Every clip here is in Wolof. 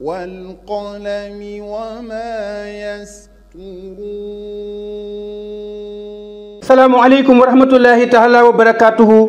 والقلم وما يسطرون السلام عليكم ورحمة الله تعالى وبركاته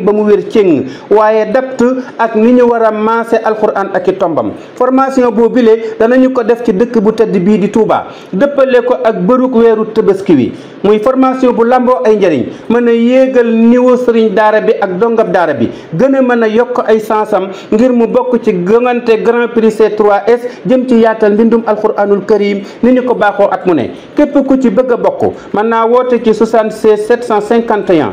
ba mu wér céng waaye dapt ak ni ñu war a maase alxuraan ak i tombam formation boo bile danañu ko def ci dëkk bu tëdd bii di Touba dëppale ko ak bërug weeru tëbaski wi muy formation bu lamboo ay njëriñ mën a yéegal niveau sëriñ daara bi ak dongab daara bi gën a mën a yokk ay sansam ngir mu bokk ci gëngante grand prix C3S jëm ci yaatal mbindum alxuraanul karim ni ñu ko baaxoo at mu ne képp ku ci bëgg a bokk mën naa woote ci 76 751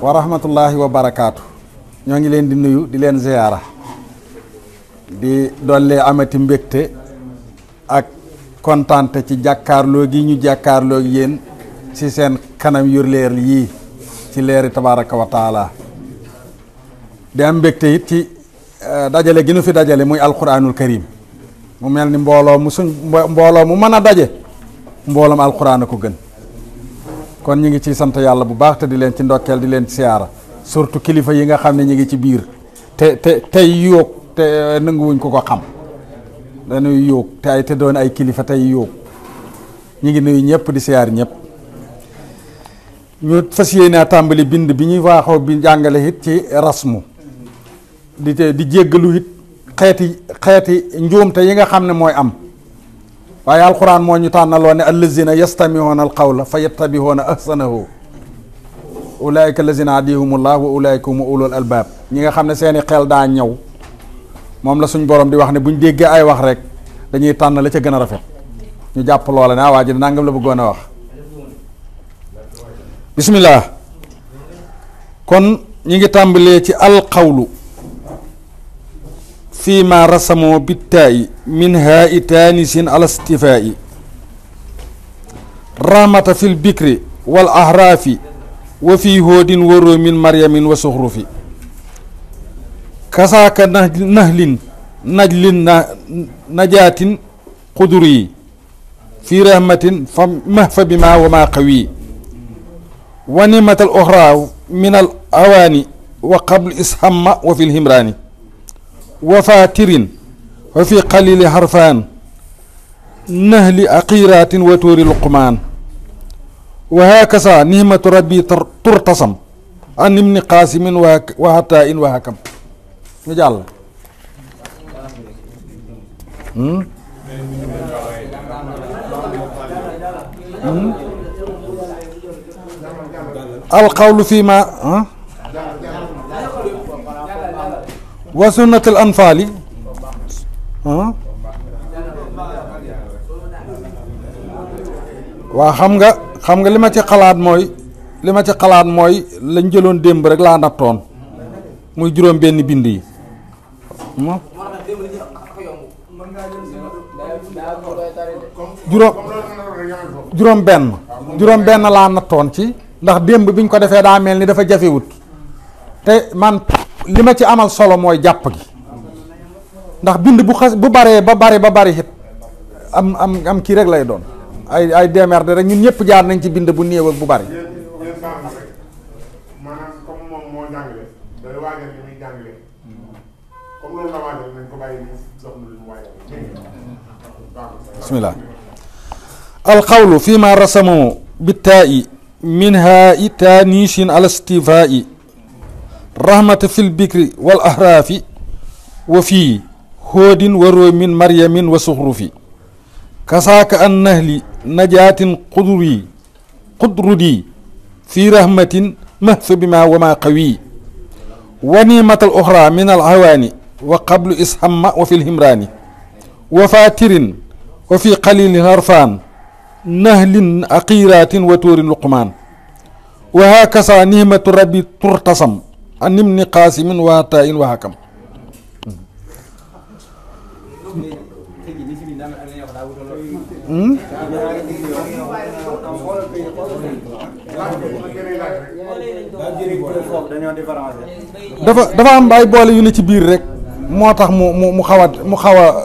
wa rahmatullahi wa ñoo ngi leen di nuyu di leen ziyaara di dollee amati mbégte ak kontante ci jàkkaarloo gi ñu jàkkaarloo gi yéen ci seen kanam yu leer yii ci leeri tabaraka wa taala di am mbégte it ci eh, dajale gi nu fi dajale muy alquranul karim mu mel ni mbooloo mu suñ mbooloo mu mën a daje mbooloom alquran a ko gën kon ñu ngi ciy sant yàlla bu baax te di leen ci ndokkeel di leen siyaara surtout kilifa yi nga xam ne ñu ngi ci biir te te tey yóog te eh, nanguwuñ ko ko xam dañuy yóog te ay te doon ay kilifa tey yóog ñu ngi nuyu ñëpp di siyaar ñëpp ñu fas yéenaa tàmbali bind bi ñuy waaxoo bi jàngale it ci rasmu di te di jéggalu it xeeti xeeti njuumte yi nga xam ne mooy am waaye alquran moo ñu tànnaloo ne allazina yastamihoona alqawla fa yattabihoona ahsanahu ulaayika allazina hadihumullah wa ulaayika hum ulul albaab ñi nga xam ne seeni xel daa ñëw moom la suñ borom di wax ne buñ déggee ay wax rek dañuy tànn la ca gën a rafet ñu jàpp loola ne ah, waa ji nangam la bëggoon a wax bismillah kon ñu ngi tàmbalee ci alqawlu fi ma rasamoo bittaayi min haa'i taanisin ala stifaa'i rahmata fi lbikri wal ahraafi wa fi hoodin waroo min maryamin wa suxrufi kasaaka na nahlin najlin na najaatin quduri fi rahmatin fa mahfa bima wa maa qawi wa nimatal oxra min al awaani wa qabl ishamma wa fi lhimraani وفاتر وفي قليل حرفان نهل أقيرات وتور لقمان وهكذا نهمة ربي ترتسم عن ابن قاسم وهتاء وهكم نجعل القول فيما ها wa sunnatul anfaali waa xam nga xam nga li ma ci xalaat mooy li ma ci xalaat mooy lañ jëloon démb rek laa nattoon muy juróom benn bind yi juróom juróom benn juróom benn laa nattoon ci ndax démb biñ ko defee daa mel ni dafa jafewut te man li ma ci amal solo mooy jàpp gi ndax bind bu xas bu baree ba bare ba bari it am am am kii rek lay doon ay ay démerde rek ñun ñëpp jaar nañ ci bind bu néew bu bari bismillah alqawlu fi ma rasamahu bittaa'i min haa'i taanishin al istifaa'i rahmata fil bikri wal ahraafi wa fii hoodin wa roomin maryamin wa suxrufi kasaaka an nahli najaatin qudri qudrudi fii rahmatin mahsu bima wa maa qawi wa nimatal oxra min al hawaani wa qablu ishamma wa fi lhimraani wa faatirin wa fi qalilin harfaan nahlin aqiiraatin wa tuurin luqmaan wa hakasa nihmatu rabbi turtasam nim ni yi waa taa in waa akam dafa dafa am ay boole yu ne ci biir rek moo tax mu mu mu xaw a mu xaw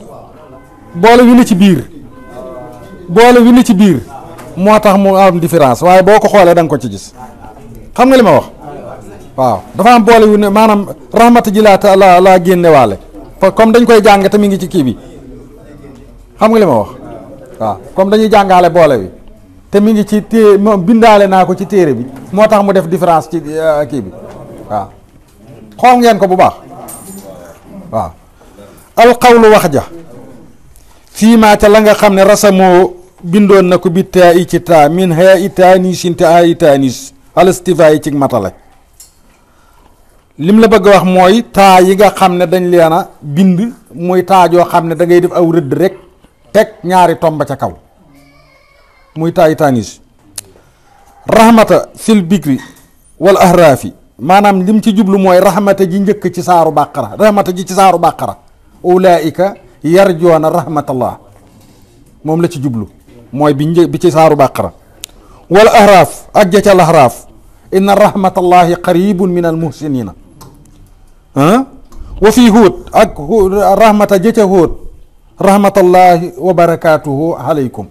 boole yu ne ci biir boole yu ne ci biir moo tax mu am différence waaye boo ko xoolee da ko ci gis xam nga li ma wax waaw dafa am boole wu ne maanaam rahmata ji laa la laa génnewaale comme dañ koy jàng te mi ngi ci kii bi xam nga li ma wax waaw comme dañuy jàngaale boole bi te mi ngi ci té moom bindaale naa ko ci téere bi moo tax mu def différence ci euh, kii bi waaw xool ngeen ko bu baax waaw alqawlu wax ja fii maa ca la nga xam ne rasamoo bindoon na ko bi te i ci taa min xee i taanis in te a i taanis al istifaa yi ci matale lim la bëgg wax mooy taa yi nga xam ne dañ leen a bind muy taa joo xam ne dangay def aw rëdd rek teg ñaari tomb ca kaw muy taa yi tanis rahmata fil bikri wal ahraafi maanaam lim ci jublu mooy rahmata ji njëkk ci saaru bàqara rahmata ji ci saaru bàqara ulaika yarjoona rahmatallah moom la ci jublu mooy bi njëkk bi ci saaru bàqara wal ahraaf ak ja ca lahraaf inna rahmatallahi qaribun min al muhsinina wa fii huud ak rahmata jëca huud rahmatullahi wa barakaatuhu aleykum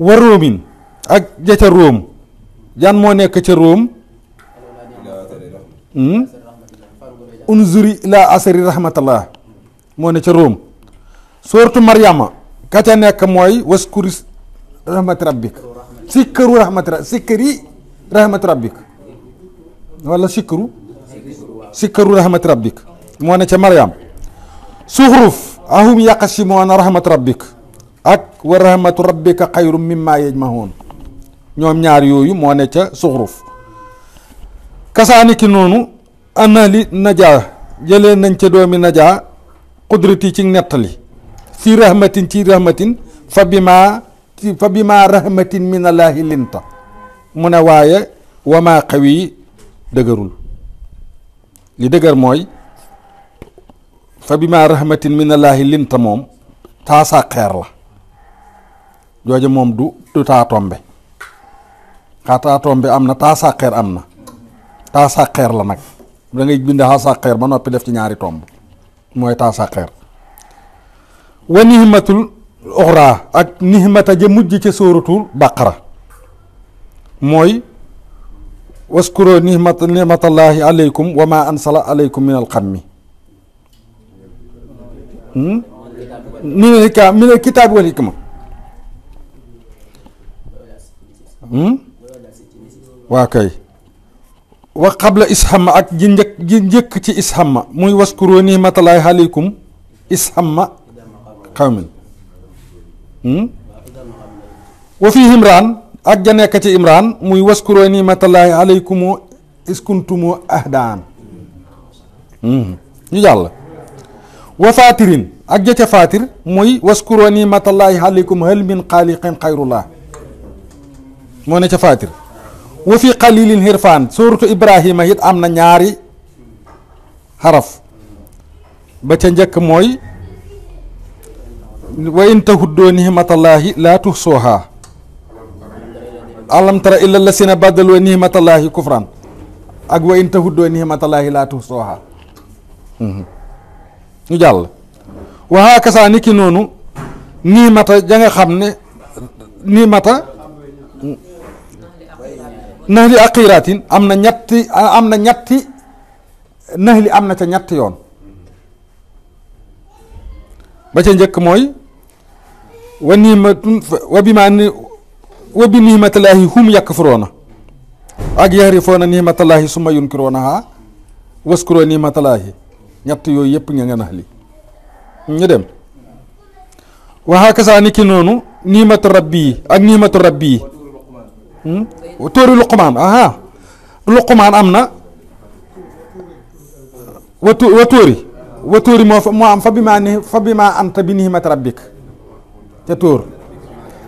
wa ruumin ak jëca ruum jan moo nekk ca ruum hmm? unzuri ila asri rahmatallah moo ne ca ruum sooratu Maryama ka ca nekk mooy waskuri rahmati rabbik sikkaru rahmati rabbik wala sikkaru sikkaru rahmat rabbik moo ne ca Maryam suxruf ahum yaqasimoona rahmat rabbik ak wa rahmatu rabbika xayrum mimma yajmahoon ñoom ñaar yooyu moo ne ca suxruf kasaani ki noonu anali najaa jëlee nañ ca doomi najaa qudrati ci nettali si rahmatin ci rahmatin fa bima fa bima rahmatin min linta mu ne waaye wamaa xawi dëgërul li dëgër mooy fa bi ma mi minallaahi linta moom taasa xeer la jooje moom du du taatombe xaa taatombe am na taasa xeer am na taasa xeer la nag da ngay bind xaasa xeer ba noppi def ci ñaari tomb mooy taasa xeer wa nihmatul uxraa ak nihmata ja mujj ca sóoratul baqara mooy waskuro nimatallahi aleykum wa ma ansala aleykum min alxammi min alkitaabi wal hikma waa kay wax xabla ishamma ak ji njëkk ji njëkk ci ishamma muy waskuro nimatallahi aleykum ishamma xawmin wa fi himraan ak ja nekk ci imran muy waskuroo nimatallaahi alaykumu iskuntumu ahdaan hmm. ñu jàll wa faatirin ak ja ca faatir muy waskuroo nimatallaahi alaykum hal min xaaliqin xayrullah moo ne ca faatir wa fi qalilin hirfaan suuratu ibrahima it am na ñaari xaraf ba ca njëkk mooy wa in tahuddoo nimatallaahi laa tuhsoohaa alam tara illa lasina baddalu nihimatallaahi kufran ak wa in tahuddoo nihimatallaahi laa tuhsooha ñu jàll waxaa kasaa ni ki noonu niimata ja xam ne niimata naxli aqiratin am na ñetti am na ñetti naxli am na ca ñetti yoon ba ca njëkk mooy wa niimatun wa bi maa ni wa bi nihmatallaahi hum yakfuruuna ak yahrifuuna nihmatallaahi summa yunkiruunahaa waskuroo nihmatallaahi ñett yooyu yëpp nga ngeen ahli ñu dem wa kasaa ni ki noonu nihmatu rabbi yi ak nihmatu rabbi yi hmm? tóori luqumaan aha am na watu wa tóori wa tóori moo am fa bi maa ni fa bi maa anta bi nihmati rabbik ca tóor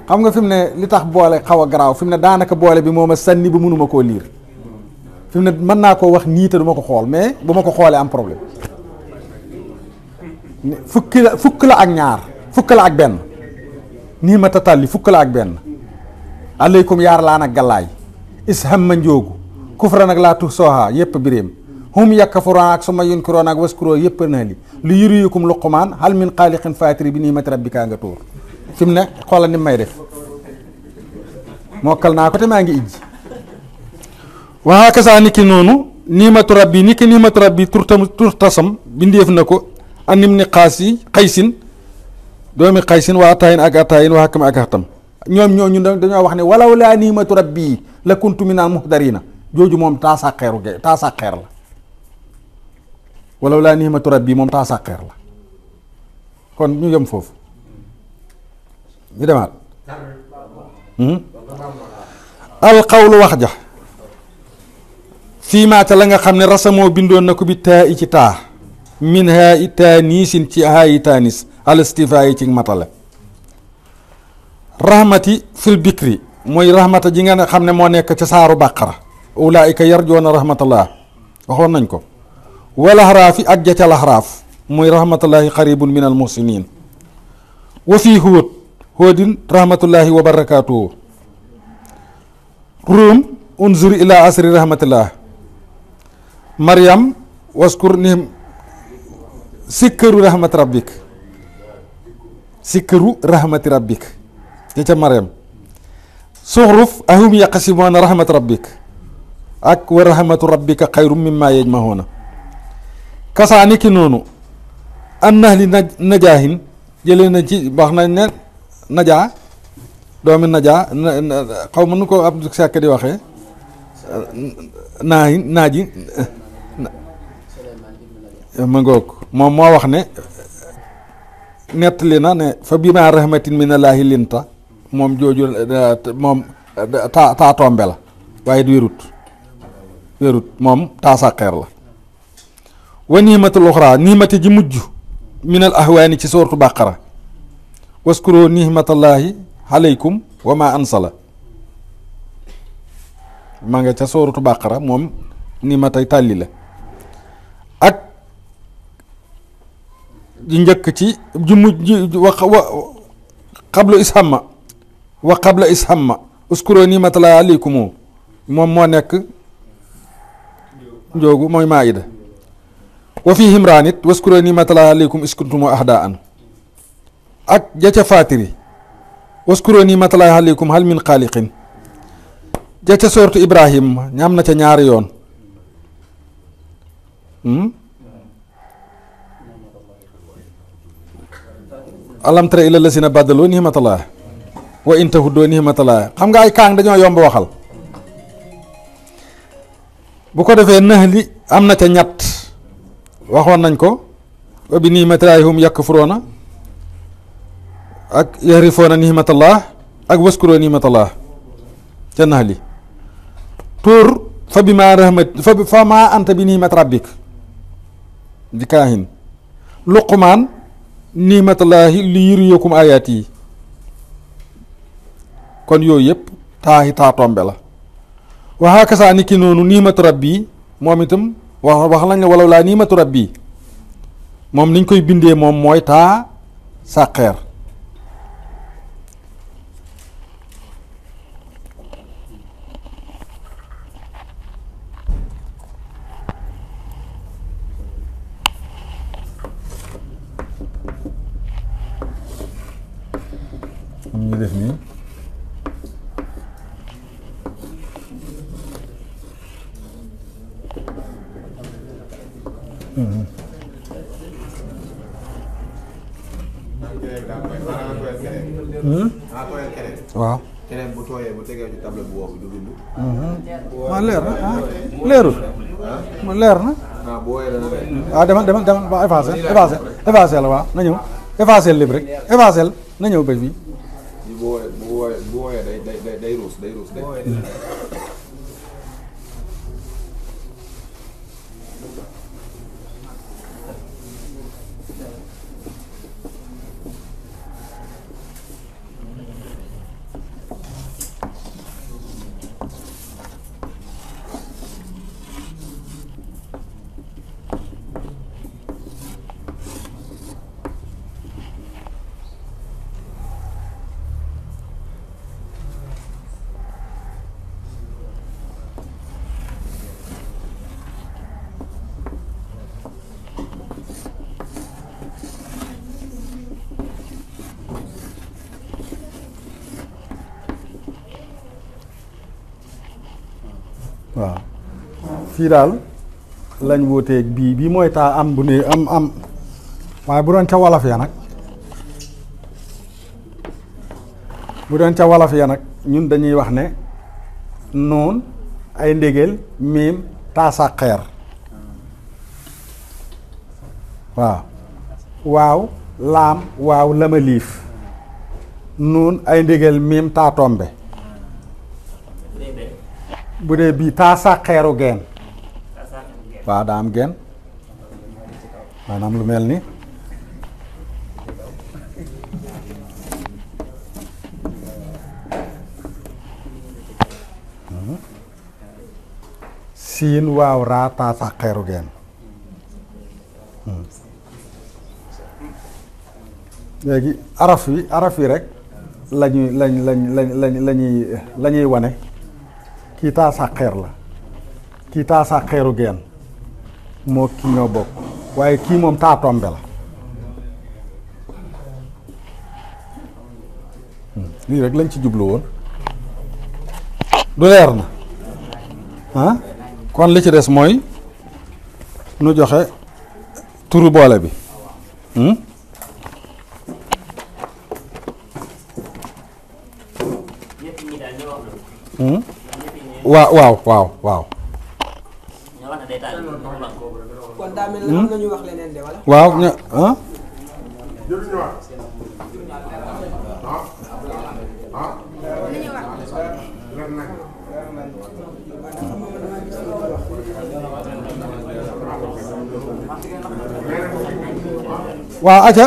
xam nga fi ne li tax boole xaw a garaaw fi mu ne daanaka boole bi moo ma sànni ba mënuma koo liir fi mu ne mën naa koo wax nii te du ma ko xool mais bu ma ko xoolee am problème fukki la fukk la ak ñaar fukk la ak benn nii ma tatalli fukk la ak benn aleykum yaar laa nag gallaay isham ma njoogu kufra nag laa tux sooha yépp biréem hum yakkafuroon ak suma yunkiroon ak waskuroo yépp naa li lu yuriyukum luqumaan hal min xaaliqin faatiri bi nii mati rabbika nga tóor fi mu ne xoolal ni may def mokkal naa ko te maa ngi ijji waxaa kasaa ni ki noonu niimatu rabbi ni ki niimatu rabbi turtam turtasam bindeef na ko anim ni xaas yi xaysin doomi xaysin waa ataayin ak ataayin waa xakkam ak xakkam ñoom ñooñu dañoo wax ne walaw laa niimatu rabbi la kuntu minal muhdarina jooju moom taasaaxeeru ge taasaaxeer la walaw laa niimatu bii moom taasaaxeer la kon ñu yem foofu ñu demaat hmm? alqawlu wax ja fii la nga xam ne rasamoo bindoon na ko bi taa i ci taa min haa i taanisin ci haa i taanis alistifaa yi ci matale rahmati fil bikri mooy rahmata ji nga xam ne moo nekk ca saaru bàqara ulaayika yarjoona rahmatallah waxoon nañ ko wal axraafi ak ja ca laxraaf mooy rahmatullahi qaribun min al muhsinin wa fii huut hoodin rahmatullahi wa barakaatuhu ruum unzur ila asri rahmatillah mariam waskur nihim sikkaru rahmati rabbik sikkaru rahmati rabbik ca ca mariam suxruf ahum yaqasimuuna rahmat rabbik ak wa rahmatu rabbika xayrum mimma yajmahuuna kasaani ki noonu an najaahin jëlee na ci wax nañ ne najaa doomi najaa xaw ma nu ko ab sàkk di waxee naa naaji eh, ma ngoog moom moo wax ne nettali na ne fa bimaa rahmatin minallaahi linta moom jooju moom taa taa tombe la waaye du wérut wérut moom taa sàqeer la wa niimatul uxraa niimati ji mujj minal ahwaani ci soortu bàqara waskuro nihmatallahi aleykum wa ma ansala maa nga ca sooratu bàqara moom ni ma tàlli la ak ji njëkk ci ju mujj wa xablu wa xabla ishamma uskuro nimatallahi aleykumu moom moo nekk njoogu mooy maa ida wa fii himraan it nimatallahi aleykum iskuntumu ahdaa an ak ja ca faatiri waskuro nii matalay aleykum hal min xaaliqin ja ca soortu ibrahim ñam na ca ñaari yoon hmm? alam tara ila lasina baddaloo nihmatallah wa in tahuddoo nihmatallah xam nga ay kaang dañoo yomb waxal bu ko defee nax am na ca ñett waxoon nañ ko wa bi nihmatillahi hum yakfuruuna ak yarifoona nihmatallah ak waskuroo nihmatallah ca nax li tuur fa bi maa rahmat fa fa maa anta bi nihmat rabbik kon yooyu yëpp taaxi taa tombe la waxaa kasaa ki noonu nihmatu rabbi moom itam wax wax lañ la walla laa nihmatu rabbi moom liñ koy bindee moom mooy taa sàqeer moom ñu def nii hmm? waaw ma leer na ah leerul leer na waaw ah, demal demal demal waaw effacé effacé effacé la waaw na ñëw effacé lépp rek effacé na ñëw bëj bi bu wooyee bu wooyee bu wooyee day day day ruus day ruus. daal lañ wuuteeg bii bii mooy taa am bu ne am am waaye bu doon ca wolof ya nag bu ca wolof ya nag ñun dañuy wax ne noon ay ndégeel miim taasa xeer waaw waaw laam waaw lama liif nuun ay ndégeel miim taa tombe bu dee bii taasa xeeru geen waaw daa am genn maanaam lu mel ni siin waaw raa taa sax xeeru léegi araf yi araf yi rek lañuy lañ lañ lañuy la wane kii taa sax la kii taa sax xeeru geen moo kii ñoo bokk waaye kii moom taatombe la hmm. lii rek lañ ci jublu woon du leer na ah kon li ci des mooy nu joxe turu boole bi hmm? Hmm? waaw waaw waaw waaw Hmm? waaw ñu ah. waaw aca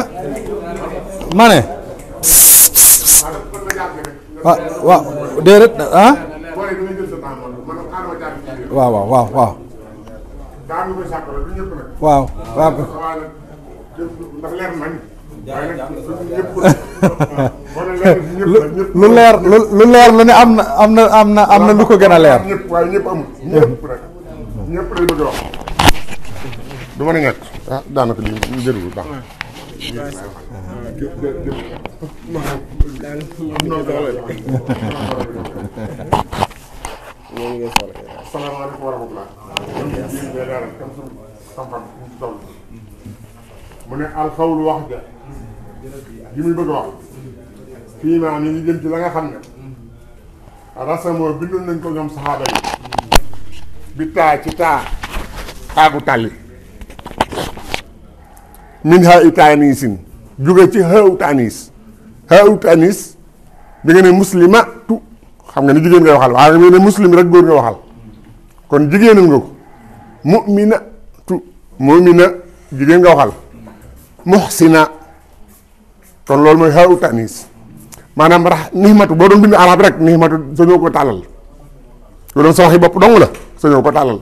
ma ne ah, waaw waaw ah waaw waaw waaw daanu waaw am na na am na am na lu ko gën a leer. a wax. waaw ñoo ngi lay soxla kay. mu ne alxawlu wax ja. li bëgg a wax. fii maa ni jëm ci la nga xam ne. rasamoo bindoon nañ ko ñoom saxaaba yi. bi taa ci taa. taagu tàlli. min ha itaanisin. jóge ci xew tanis. xew tanis. bi nga ne muslima. xam nga ni jigéen ngay waxal waaye mu ne muslim rek góor nga waxal kon jigéenal nga ko mu'mina tu mu'mina jigéen nga waxal muhsina kon loolu mooy xaw tanis maanaam rax nihmatu boo doon bind arab rek nihmatu sañoo ko tàllal loolu doon sa waxi bopp dong la sañoo ko tàllal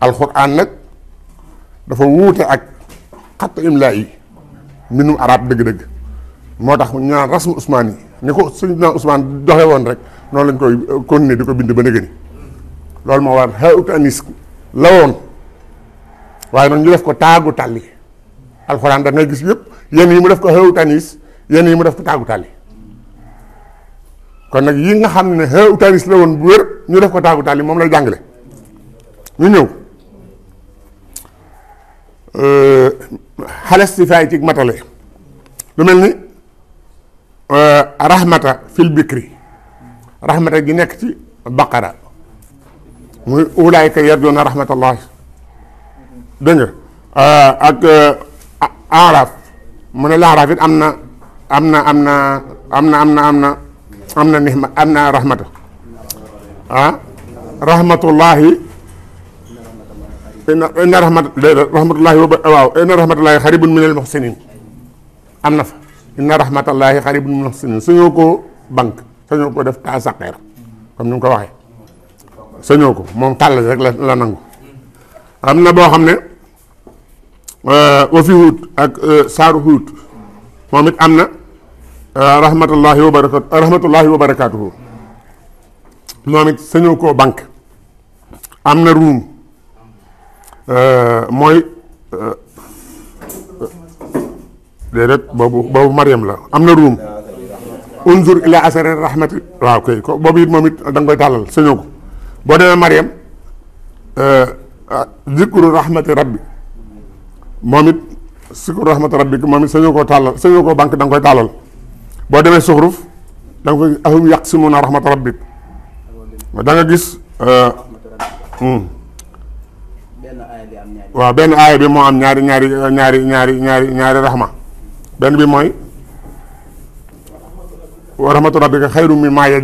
alxuraan nag dafa wuute ak xatt imla yi mbindum arab dëgg-dëgg moo tax ñu naan rasmu usmaan yi ni ko suñu naan Ousmane doxee woon rek noonu lañ koy euh, continuer di ko bind ba nëgëni loolu moo war xawut anis la woon waaye nag ñu def ko taagu tàlli alxuraan da ngay gis yëpp yenn yi mu def ko xawut anis yenn yi mu def ko taagu tàlli kon nag yi nga xam ne xawut anis la woon bu wér ñu def ko taagu tàlli moom lay jàngale ñu ñëw euh, xales si faay ci matale lu mel ni Euh, rahmata fil bikri rahmata gi nekk ci baqara muy ulaayka yarjuuna rahmatallahi dégg nga euh, ak euh, aaraaf mu ne laaraaf am na am na am na am na am na am na am na nihma am na rahmata ah rahmatullahi inna rahmat rahmatullahi waaw inna rahmatullahi xaribun min al am na fa inna rahmatallahi xaribun muhsinin sañoo ko banque sañoo ko def taa saqeer comme ni mu ko waxee sañoo ko moom tàll rek la la nangu am na boo xam ne euh, wafi huut ak euh, saaru huut moom it am na euh, rahmatullahi wa barakatu rahmatullahi wa barakatuhu moom it sañoo koo banque am na ruum mooy déedéet boobu boobu Mariam la am na ruum unzur ila asari rahmati waaw kay boobu it moom it da koy tàllal sañoo ko boo demee Mariam euh, ah, zikru rahmati rabbi moom it zikru rahmati rabbi moom it sañoo koo tàllal sañoo koo banque danga koy tàllal boo demee suxruf da nga koy ahum yaqsimuna rahmata rabbik da nga gis euh, hmm. waaw benn aaya bi moo am ñaari ñaari ñaari ñaari ñaari ñaari rahma benn bi mooy wa rahmatu rabbika xayru mimmaa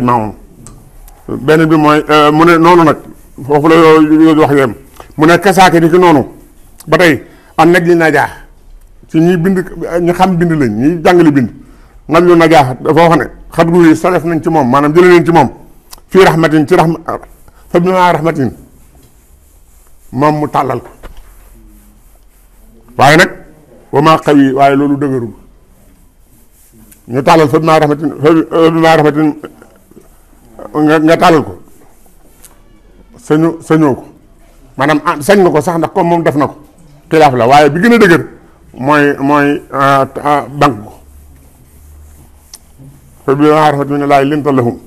bi mooy euh, mu ne noonu nag foofu noonu ba tey an nag li najaax ci bind xam bind lañ ñi jàngale bind nag lu najaax dafa wax nañ ci moom maanaam jële ci moom fii rahmatin ci raxma fa bi maa rahmatin moom mu tàllal ko waaye nag wa maa xaw yi waaye loolu dëgërul ñu tàllal fa bi maa raxmatin fa bi maa nga nga tàllal ko sañu sañoo ko maanaam ah, sañ na ko sax ndax comme moom def na ko xilaaf la waaye bi gën a dëgër mooy mooy ah, ah, banque ko fa bi maa raxmatin ne laay linta lahum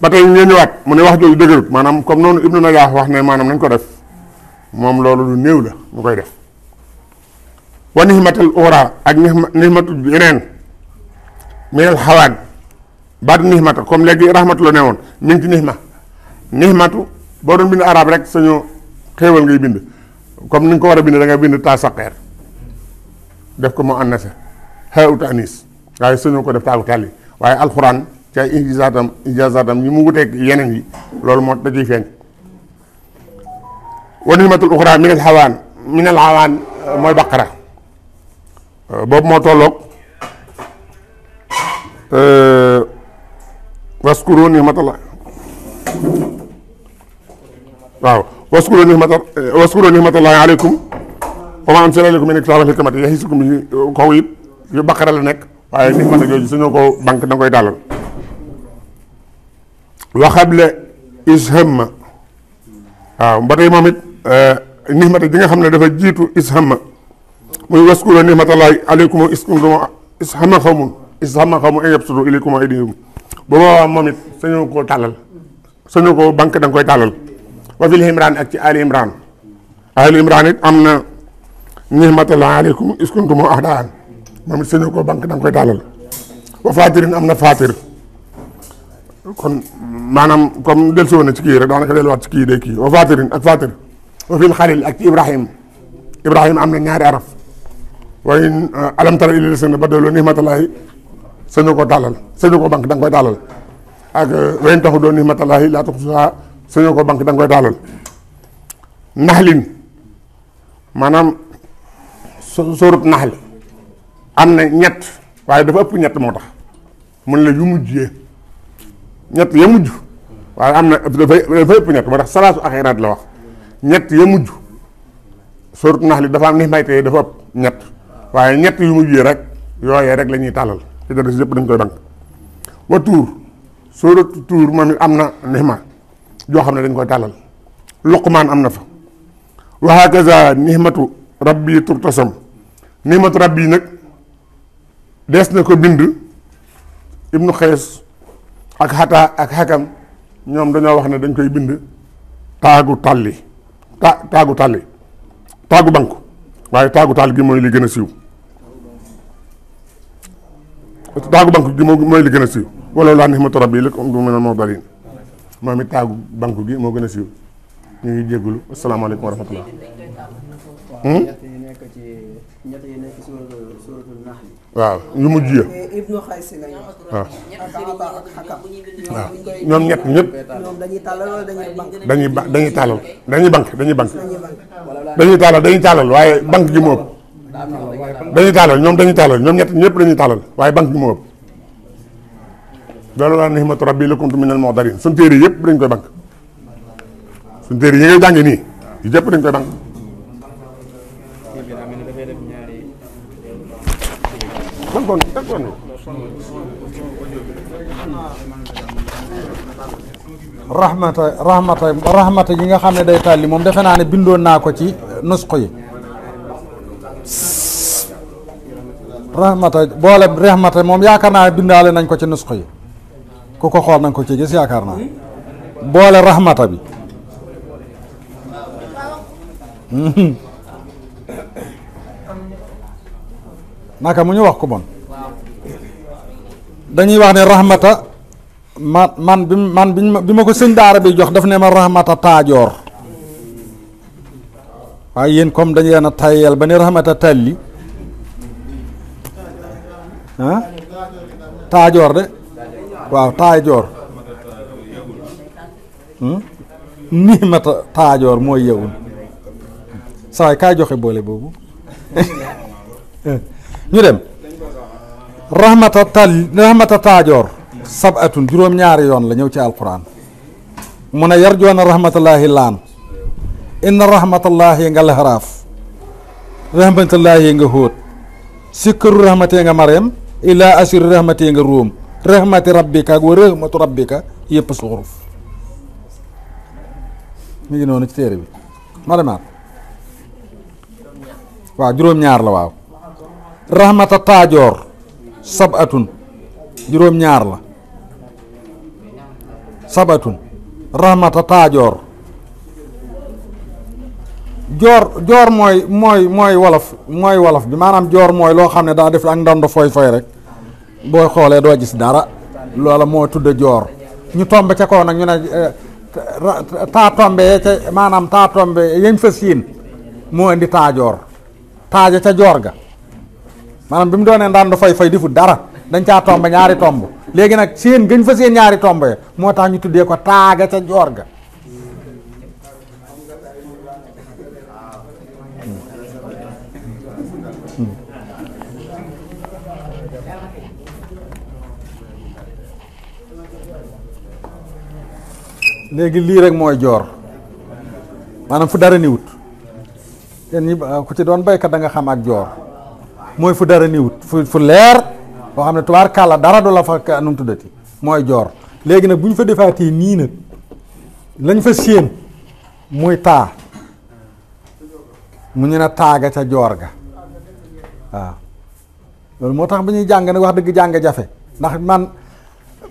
ba tey ñu ñëwaat mu ne wax jooju dëgërut maanaam comme noonu na Najaax wax ne maanaam nañ ko def moom loolu lu néew la ñu koy def wa nihmatal ura ak nihmatul yeneen minal xawaan baatu nixmata comme léegi rahmatu ne woon mi ngi ci nixma nixmatu boo doon bind arab rek sañoo xéewal ngay bind comme ni nga ko war a bind da nga bind taa def ko moo annasa xawut anis waaye sañoo ko def taal kàlli waaye alxuraan ci ay ijazaatam ijazaatam mu wuteeg yeneen yi loolu moo da ciy feeñ wa nixmatul uxra minal xawaan minal xawaan mooy baqara boobu moo tolloog waskuru euh, ni'matallah waaw waskuru ni'matal waskuru euh, ni'matallahi aleykum wa maa anzala aleykum min kitaabi hikmati yahiizukum bihi kaw it yu Baqara la nekk waaye ni'mata jooju suñu ko banque da koy dalal wa qabla ishamma waaw ba tey moom it euh, ni'mata ji nga xam ne dafa jiitu ishamma muy waskuru ni'matallahi aleykum ishamma xawmun sama xaw ma yëpp surtout il est comment il est boobaa moom it sañoo koo tàllal sañoo koo banque koy tàllal wa fil imran ak ci ali imran ali imran am na nihmatullahi aleykum iskuntum ahdaan moom it sañoo koo banque da nga koy tàllal wa fatirin am na fatir kon maanaam comme dellusi woon na ci kii rek daanaka delluwaat ci kii day kii wa fatirin ak fatir wa fil xalil ak ci ibrahim ibrahim am na ñaari araf waaye alam tara ilal lazina badalu nihmatallahi sëñoo ko tàllal sañu ko banque da koy tàllal ak euh, weyn taxu doon ni matalaahi laa tax saa sañu ko banque da nga koy tàllal naxlin maanaam sorut naxli am na ñett waaye dafa ëpp ñett moo tax mun la yu mujjee ñett ya waaye am na dafa ëpp ñett moo tax salaasu la wax ñett ya mujj sorut naxli dafa am ni maytee dafa ëpp ñett waaye ñett yu mujjee rek yooyee rek la ñuy tàllal te dara dañ koy bank wa tuur sóoratu tuur moom it am na nihma joo xam ne dañ koy tàllal luqmaan am na fa wa hakaza nihmatu rabbi turtasam nihmatu rabbi nag dees na ko bind ibnu xees ak xataa ak xakam ñoom dañoo wax ne dañ koy bind taagu tàlli ta taagu tàlli taagu banku waaye taagu tàlli gi mooy li gën a siiw taagu banque gi mooy li gën a siiw wala laa nixmatu rabbi lakum du mel moo dalin moom it taagu banque gi moo gën a siiw ñu ngi jégalu asalaamaaleykum wa rahmatullah. Hmm? waaw yu mujj ya waaw ñoom ñett ñëpp dañuy ba dañuy tàllal dañuy banque dañuy banque dañuy tàllal dañuy tàllal waaye banque gi moo ëpp dañuy taalal ñoom dañuy taalal ñoom ñett ñëpp dañuy taalal waaye banque bi moo ëpp loolu laa nihmatu rabbi la kuntu minal muhdarin suñ téere yëpp dañ koy banque suñ téere yi ngay nii yëpp dañ koy banque kon kon kon rahmata yi nga xam ne day tàlli moom defe naa ne bindoon naa ko ci nusq yi rahmata boole rahmata moom yaakaar naa bindaale nañ ko ci nusxu yi ku ko xool nañ ko ci gis yaakaar naa boole rahmata bi naka mu ñu wax ko bon dañuy wax ne rahmata ma man bi man bi ma ko sëñ daara bi jox daf ne ma rahmata taajoor waaye yéen comme dañu leen a tayal ba ni raxmata talli ah taajoor de waaw taajoor hmm? nihmata taajoor mooy yewul sawaay kaay joxe boole boobu ñu dem raxmata tal raxmata taajoor sabatun juróom-ñaari yoon la ñëw ci alquran mu ne yarjoona raxmatallaahi laan inna rahmatallahi nga laharaaf rahmatallahi nga hóot sikkaru rahmatee nga mareem ila asir rahmatee nga ruum rahmati rabbika ak wa rahmatu rabbika yëpp suxuruf mu ngi noonu ci téere bi ma demaat waaw juróom-ñaar la waaw rahmata taajoor sabatun juróom-ñaar la sabatun rahmata taajoor joor joor mooy mooy mooy wolof mooy wolof bi maanaam joor mooy loo xam ne daa def ak ndand foy foy rek booy xoolee doo gis dara loola moo tudd joor ñu tomb ca kaw nag ñu ne eh, taa tombe ya maanaam taa tombe yañ fa siin moo indi taa joor taaja ca joor ga maanaam bi mu doonee ndand fooy fooy dara dañ caa tomb ñaari tomb léegi nag seen gañ fa seen ñaari tomb ya moo tax ñu tuddee ko taaga ca joor ga léegi lii rek mooy joor maanaam fu dara niwut yéen ñi ku ci doon béykat da nga xam ak joor mooy fu dara niwut fu fu leer loo xam ne tubaar kàlla dara du la fa nu mu tuddati mooy joor léegi nag bu ñu fa defaatee nii nag lañ fa séen muy taa mu ñu ne taaga ca joor ga waaw loolu moo tax bu ñuy jàng nag wax dëgg jàng jafe ndax man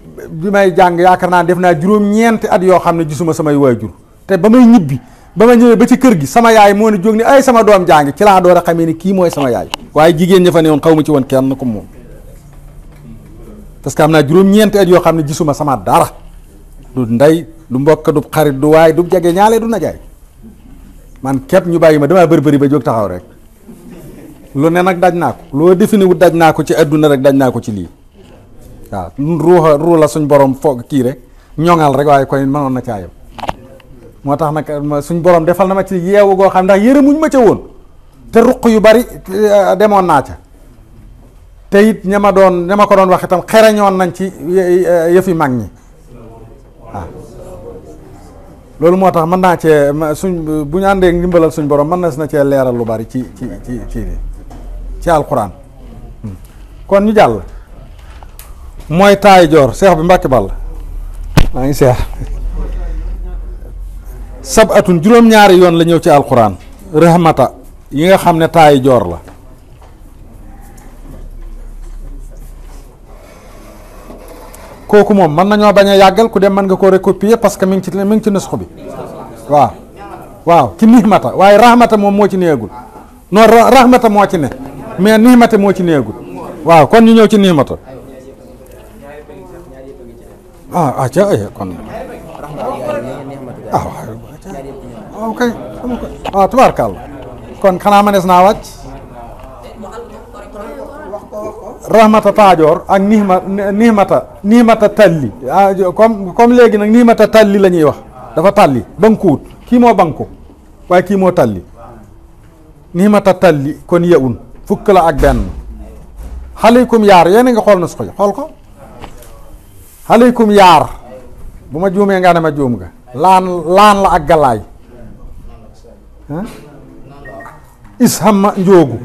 bi may jàng yaakaar naa def naa juróom-ñeenti at yoo xam ne gisuma samay waajur te ba may ñibbi ba ma ñëwee ba ci kër gi sama yaay moo ne jóg ni ay sama doom jàng ci laa door a xame ni kii mooy sama yaay waaye jigéen ña fa ne woon xaw ma ci woon kenn ku moom parce que am naa juróom-ñeenti at yoo xam ne gisuma sama dara du ndey du mbokk du xarit du waaye du jege ñaale du najaay man képp ñu bàyyi ma damaa bëri bëri ba jóg taxaw rek lu ne nag daj naa ko loo défini wu daj naa ko ci adduna rek daj naa ko ci lii waaw ruuxa la suñ borom foog kii rek ñoŋal rek waaye koy mënoon na caa moo tax nag suñ borom defal na ma ci yeewu goo xam ndax yëre muñ ma ca woon te ruq yu bari eh, demoon naa ca te it ña ma doon ña ma ko doon wax itam xereñoon nañ ci eh, eh, yëfi mag ñi waaw loolu moo tax mën naa cee suñ bu ñu àndee ndimbalal suñ borom mën na si na cee leeral lu bari ci ci ci ci ci alquran hmm. kon ñu jàll mooy taay joor seex bi mbàkki ball maa ngi seex sab atun juróom-ñaari yoon la ñëw ci alquran rahmata yi nga xam ne taay joor la kooku moom mën nañoo bañ a yàggal ku dem mën nga koo recopier parce que ngi ci mi ngi ci nusxu bi waaw waaw ci nihmata waaye rahmata moom moo ci néegul non rahmata moo ci ne mais nihmata moo ci néegul waaw kon ñu ñëw ci nihmata ah acca ay kon ah waaw kay kon xanaa manes naa wàcc rahmata taajoor ak nihma nihmata nihmata talli comme léegi nag nihmata talli la ñuy wax dafa talli bankuwut kii moo banku waaye kii moo talli nihmata talli kon yewun fukk la ak benn xalikum yaar yéen a xool na su xool ko aleykum yaar bu ma juumee nga ne ma juum nga laan la ak galaay isham ma njóogu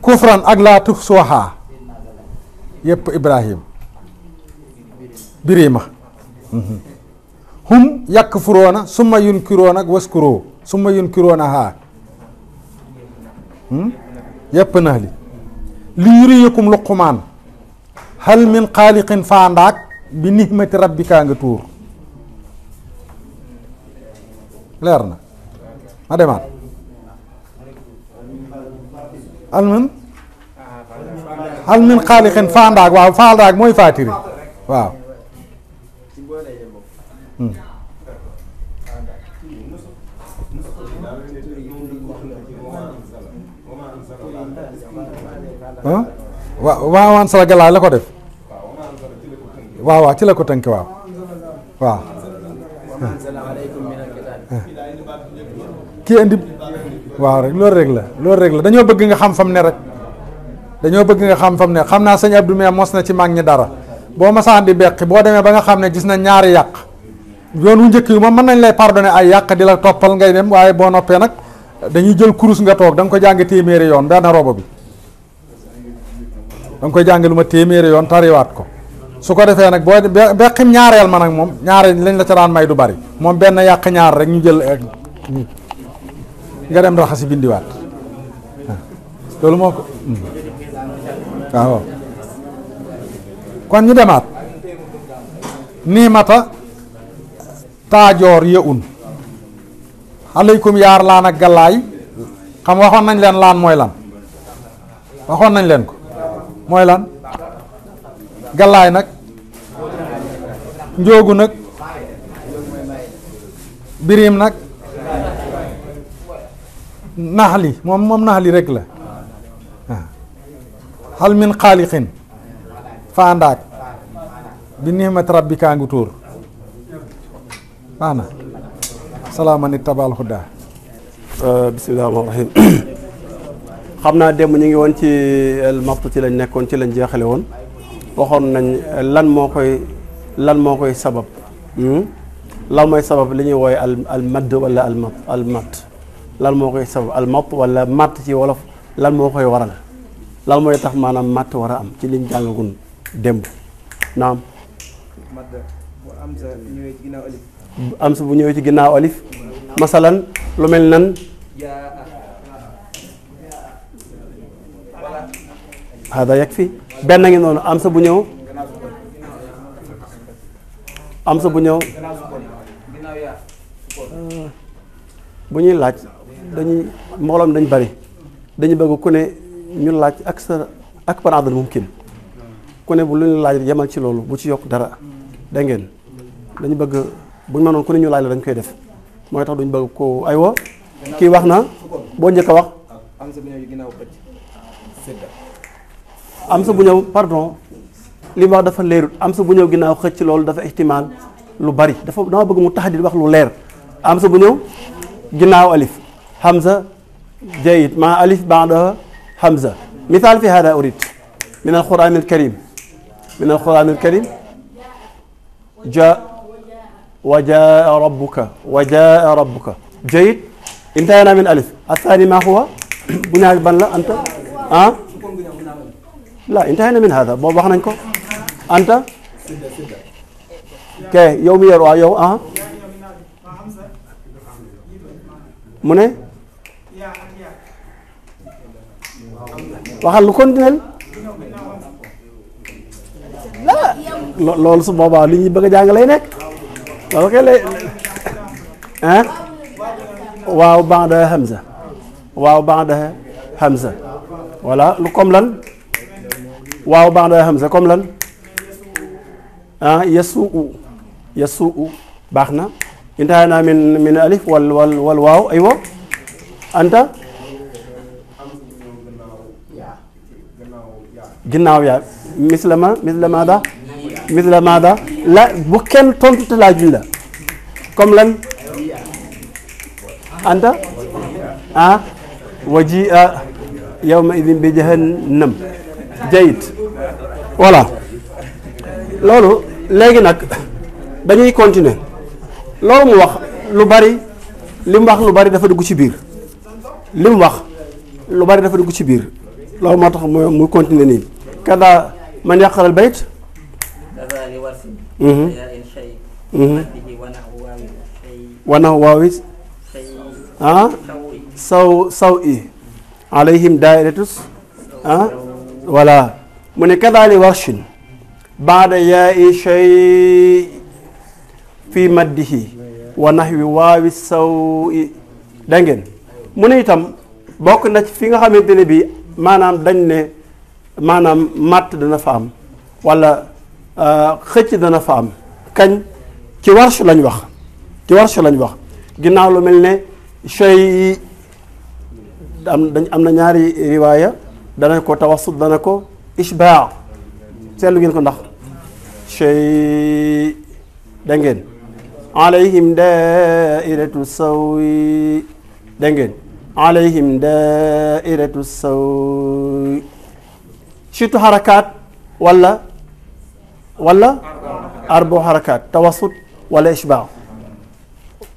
kufran ak laa tuf sooxaa yépp ibrahim birima mhm. hum yàkk furoona summa yunkiroona ak waskuroo summa yunkiroona haa hmm? yépp nax li li luqumaan hal min xaaliqin faandaak bi nihmati rabbika nga tuur leer na ma demaat hal min hal min xaaliqin faandaak waaw faandaak mooy faatiri waaw hmm. waaw waaw ansala galaa la ko def waaw waaw ci la ko tënk waaw waaw kii indi waaw rek loolu rek la loolu rek la dañoo bëgg nga xam fam ne rek dañoo bëgg nga xam fam ne xam naa sëñ Abdou mos na ci mag ñi dara boo masaan di beqi boo demee ba nga xam ne gis na ñaari yàq yoon wu njëkk yi moom mën nañ lay pardonné ay yàq di la toppal ngay dem waaye boo noppee nag dañuy jël kurus nga toog da nga ko jàng téeméeri yoon benn robo bi da koy jàng lu ma téeméeri yoon tariwaat ko su ko defee nag boo beqim ñaareel ma nag moom ñaareel lañ la ca daan may du bari moom benn yàq ñaar rek ñu jël eh, nga dem raxasi bindiwaat ah. loolu moo ko hmm. ah, kon ñu demaat nii taajoor ye un aleykum yaar laan ak gàllaay xam waxoon nañ leen laan mooy lan waxoon nañ leen ko mooy lan galaay nag njoogu nag birim nag naxli moom moom naxli rek la xal ah. min xaaliqin faandaak bi nihmat rabbika ngu tuur baax tabaal huda bismillahi rahmaani rahim xam naa démb ñu ngi woon ci El ci lañ nekkoon ci lañ jeexale woon waxoon nañ lan moo koy lan moo koy sabab hmm? lan mooy sabab li ñuy wooye al al madd wala al mat lan moo koy sabab al mat wala mat ci wolof lan moo koy waral lan mooy tax maanaam matt war a am ci liñ jàngagun démb naam am bu ñëwee ci ginnaaw alif masalan lu mel nan hada yakfi benn ngi noonu am sa bu ñëw sa bu ñëw ñuy laaj dañuy mbooloom dañ bari dañu bëgg ku ne ñu laaj ak sa ak par adal mumkin ku ne bu lu ñu laaj yemal ci loolu bu ci yokk dara dégg ngeen dañu bëgg bu ñu mënoon ku ne ñu laaj la dañ koy def mooy tax duñu bëgg ko aywa kii wax na boo njëkk wax am sa bu am sa bu ñëw pardon li mu wax dafa leerut am sa bu ñëw ginnaaw xëcc loolu dafa ihtimaal lu bari dafa dama bëgg mu taxdid wax lu leer am sa bu ñëw ginnaaw alif hamza jayit ma alif baadaha hamza misaal fi hada urid min alquran alkarim min alquran alkarim wa jaa rabbuka wa jaa rabbuka jayit intahana min alif athani ma huwa bu ban la anta ah? laa intahayna min hada boobu wax nañ ko anta kay yow mi yor waa yow ah mu ne waxal lu continuel loolu su boobaa li ñuy bëgg a jàng lay nekk loolu kay lay ah waaw ba'da hamza waaw ba'da hamza voilà lu comme lan waaw baax na hamza comme lan ah yasuu yasuu baax na intahanaa min min alif wal wal wal aywa anta ginnaaw yaa misla ma misla maada misla maada la bu kenn tontu te laajul la comme lan anta ah waji a ah, yawma idin bi jahannam jayit voilà loolu léegi nag dañuy continuer loolu mu wax lu bari li mu wax lu bari dafa dugg ci biir li wax lu bari dafa ci biir loolu moo tax mu muy continuer nii kada man yàqaral bayit mhm. mhm. wanaw waawit ah? saw saw i alayhim dairatus ah? voilà mu ne kadaali warshin baada yaai shay fi maddihi wanax wi waawi saw da ngeen mu ne itam bokk na ci fi nga xamante ne bi maanaam dañ ne maanaam matt dana fa am wala euh, xëcc dana fa am kañ ci warsh lañ wax ci warsh lañ wax ginnaaw lu mel ne shay am dañ am na ñaari riwaaya dana ko tawassut dana ko ishbaa seetlu ngeen ko ndax chey da ngeen alayhim dairatu sawi da ngeen alayhim dairatu sawi chitu xarakaat wala wala arbo xarakaat tawassut wala ishbaa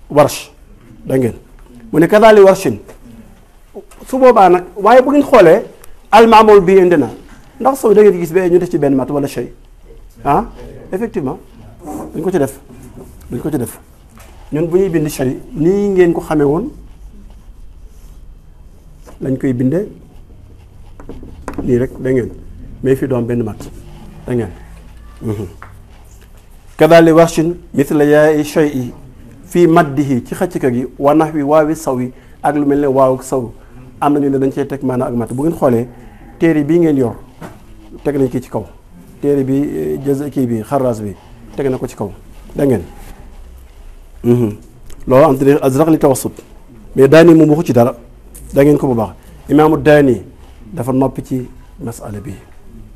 warsh da ngeen mu ne kadali warshin su boobaa nag waaye bu ngeen xoolee almaamul bi indi na ndax soow dangeen ngeen gis bee ñu def ci benn mat wala chey ah effectivement duñ ko ci def duñ ko ci def ñun bu ñuy bind chey nii ngeen ko xamee woon lañ koy bindee nii rek da mais fii doom benn mat da ngeen mhm. kadali warchin mithla yaay chey yi fii maddihi ci xëcc ka gi wa nax wi waawi saw yi ak lu mel ne waaw saw am nañu ne dañ cee teg maanaam ak mat bu ngeen xoolee téere bii ngeen yor teg nañ ko ci kaw téere bi eh, jës kii bi xarraas bi teg na ko ci kaw da ngeen mhm. loolu am te ne azraq li tawassut mais daani moom waxu ci dara da ngeen ko bu baax imaamu daani dafa noppi ci masala bi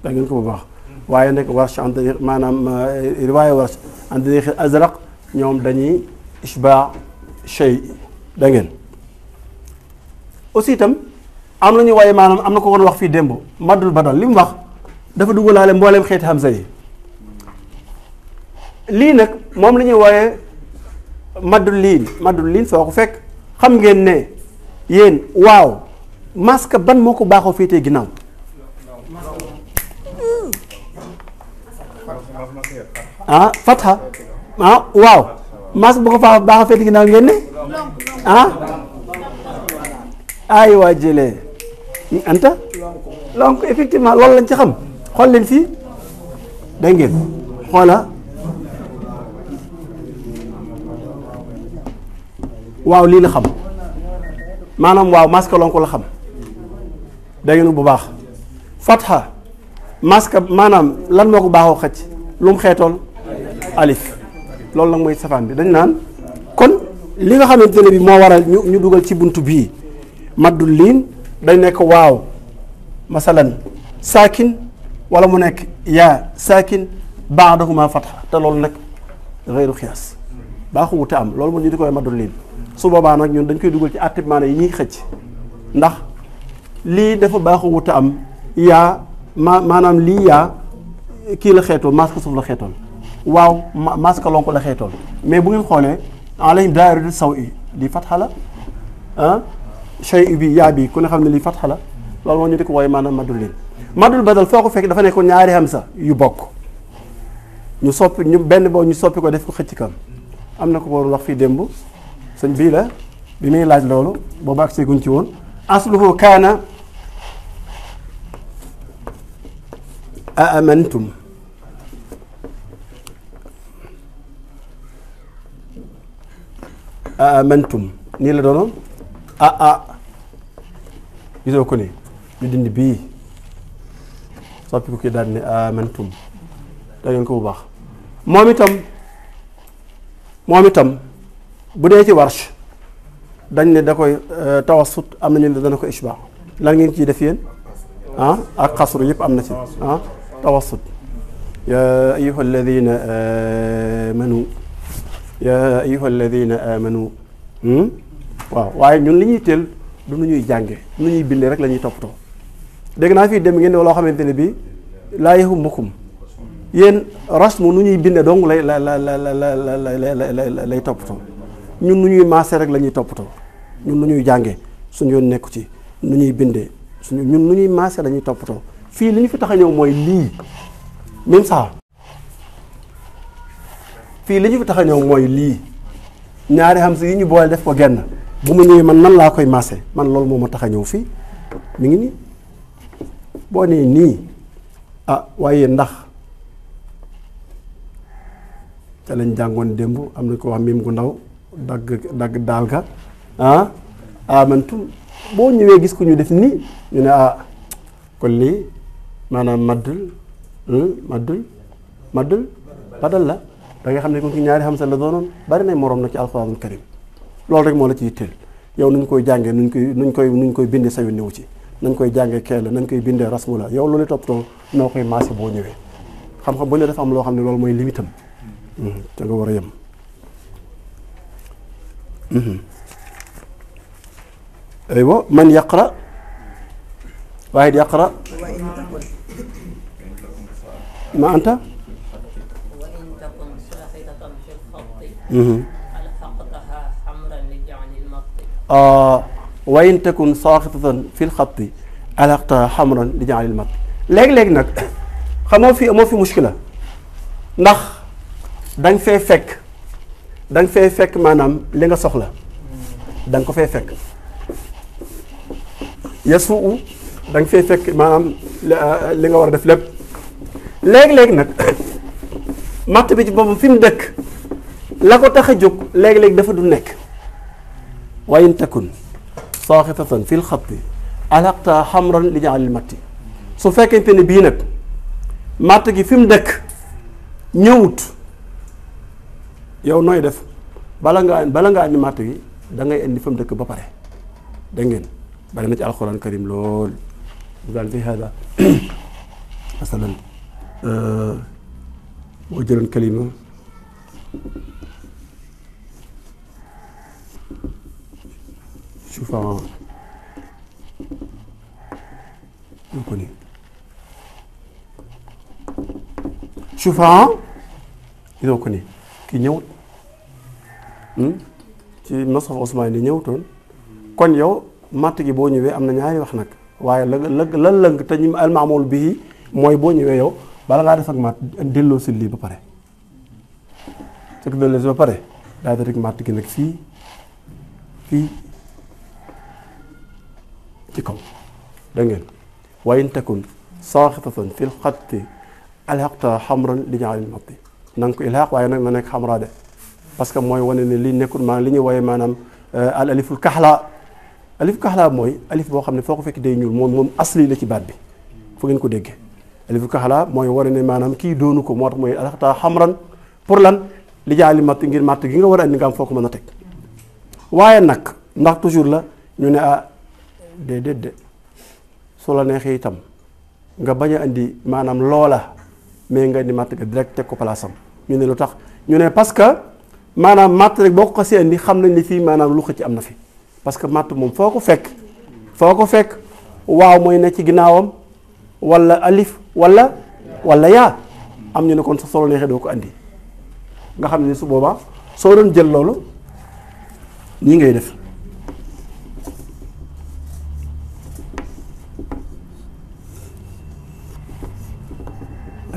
da ngeen ko bu baax waaye nag warsh an tariq maanaam eh, riwaaya warsh an tariq azraq ñoom dañuy ishbaa shay da ngeen aussi itam am nañu waaye maanaam am na ko woon wax fii démb maddul badal li mu wax dafa dugalaale mbooleem xeeti hamza yi lii nag moom lañuy ñuy wooyee maddul liin maddul liin foo ko fekk xam ngeen ne yéen waaw masque ban moo ko baaxoo féetee ginnaaw ah fatha ah waaw masque bu ko faa baaxoo féetee ginnaaw ngeen ne ah ay waa jëlee anta donc effectivement loolu lañ ci xam xool leen fii dégg ngeen xoola waaw lii la xam maanaam waaw masque lonku la xam dégg ngeen bu baax fatxa masque maanaam lan moo ko baaxoo xëcc lu mu xeetool alif loolu nag mooy safaan bi dañ naan kon li nga xamante ne bi moo waral ñu ñu dugal ci bunt bii maddul liin dañ nekk waaw masalan saakin wala mu nekk yaa saakin baadahuma fatxa te loolu nag xëyru xiyaas baaxu wute am loolu moom ñu di koy madul lii su boobaa nag ñun dañ koy dugal ci àttib maana yi ñuy xëcc ndax lii dafa baaxu wute am yaa ma maanaam lii yaa kii la xeetoon maska suuf la xeetoon waaw maska lonk la xeetoon mais bu ngeen xoolee alayhim daaridu saw i di fatxa la ah shay bi yaa bi ku xam ne lii fatxa la ñu di ko wooye maanaam madul lin madul badal foo ko fekk dafa nekkoon ñaari yu bokk ñu soppi benn boo ñu soppi ko def ko xëcc kam am na ko waroon wax fii démb sëñ bii la bi muy laaj loolu boobu ak seeguñ ci woon asluhu kaana a amantum nii la doonoon aa ah, ah gisoo ko ni ñu dindi bii soppi ko kii daal ne amantum ah, da ko bu baax moom itam moom itam bu dee ci warsh dañ ne da koy euh, tawassut am nañu ne dana ko ishba lan ngeen ciy def yéen ah ak xasru yëpp am na ci ah tawassut yaa ayuha alladina amanu euh, yaa ayuha alladina amanu euh, hmm? waaw waaye ñun li ñuy teel du nu ñuy jànge nu ñuy bindee rek la ñuy toppatoo dégg naa fii dem ngeen ne loo xamante ne bii laa yahummukum ras rasmu nu ñuy bindee dong lay la la la toppatoo ñun nu ñuy maase rek la ñuy toppatoo ñun nu ñuy jàngee suñu yoon nekku ci nu ñuy bindee suñu ñun nu ñuy maase dañuy toppatoo fii li ñu fi tax a ñëw mooy lii même ça fii li ñu fi tax a ñëw mooy lii ñaari xam si yu ñu boole def ko genn bu ma ñëwee man nan laa koy maase man loolu moom ma tax a ñëw fii mi ngi nii boo nee nii ah waaye ndax te lañ jàngoon démb am na ko wax mim gu ndaw dagg dagg daal ga ah, ah man tout boo ñëwee gis ko ñu def nii ñu ne ah kon lii maanaam maddul hmm, maddul maddul badal la da nga xam ne ko ci ñaari xam sa la doonoon bari na moroom nag ci alxuraanul karim loolu rek moo la ci yitteel yow nuñ koy jàngee nuñ koy nuñ koy nuñ koy bindee sa yu néew ci nañ koy jàngee kee la nañ koy bindee rasmu la yow loolu toppatoo noo koy maase boo ñëwee xam-xam ba ne dafa am loo xam ne loolu mooy limitam te hmm, nga war a yem hmm. aywa man yaqra waaye yaqra ma anta wa in takun saaxitatan fil xatti alaqta xamran li jaalil mat léegi-léegi nag xamoo fi amoo fi muskila ndax da fee fekk da nga fee fekk maanaam li nga soxla da ko fee fekk yasuu da nga fee fekk maanaam li nga war a def lépp léegi-léegi nag matt bi ci boppam fi mu dëkk la ko tax a jóg léegi-léegi dafa du nekk way in takun fi fil xatti li xamran li jaalil matti su fekkente ne bii nag matt gi fi mu dëkk ñëwut yow nooy def bala nga bala nga andi matt gi da indi fi mu dëkk ba pare da ngeen bari na ci alxuraan karim lool daal fi hada masalan boo euh, jëloon kalima شوفها معايا شوفها ido ko ni ki ñëwut ci masaf Ousmane di ñëwutoon kon yow matt gi boo ñëwee am na ñaari wax nag waaye la lëg la lëng te ñu almaamul bii mooy boo ñëwee yow bala ngaa def ak matt delloo si lii ba pare su ko delloo si ba pare daal matt gi nag fii fii ci kaw da ngeen waaye in takun saaxitatan fil xatti alxaqta xamran li ñaalil matti na nga ko ilxaq waaye nag na nekk xamraa de parce que mooy wane ne li nekkul maanaam li ñuy woowee maanaam euh, al aliful kaxlaa alif kaxlaa mooy alif boo xam ne foo ko fekk day ñuul moom moom asli la ci baat bi ko déggee alif kaxlaa mooy wane ne maanaam kii doonu ko moo tax mooy alxaqta xamran pour lan li jaali matt ngir matt gi nga war a andi nga am foo ko mën a teg waaye nag ndax toujours la ñu ne ah déedéet de su la neexee itam nga bañ a andi maanaam loola mais nga indi matt ga direct teg ko palaasam ñu ne lu tax ñu ne parce que maanaam matt rek boo ko xasee indi xam nañ ni fii maanaam lu xëcc am na fi parce que matt moom foo ko fekk foo ko fekk waaw mooy ne ci ginnaawam walla alif walla wala yaa am ñu ne kon sa solo neexee doo ko andi nga xam ne su boobaa soo doon jël loolu nii ngay def.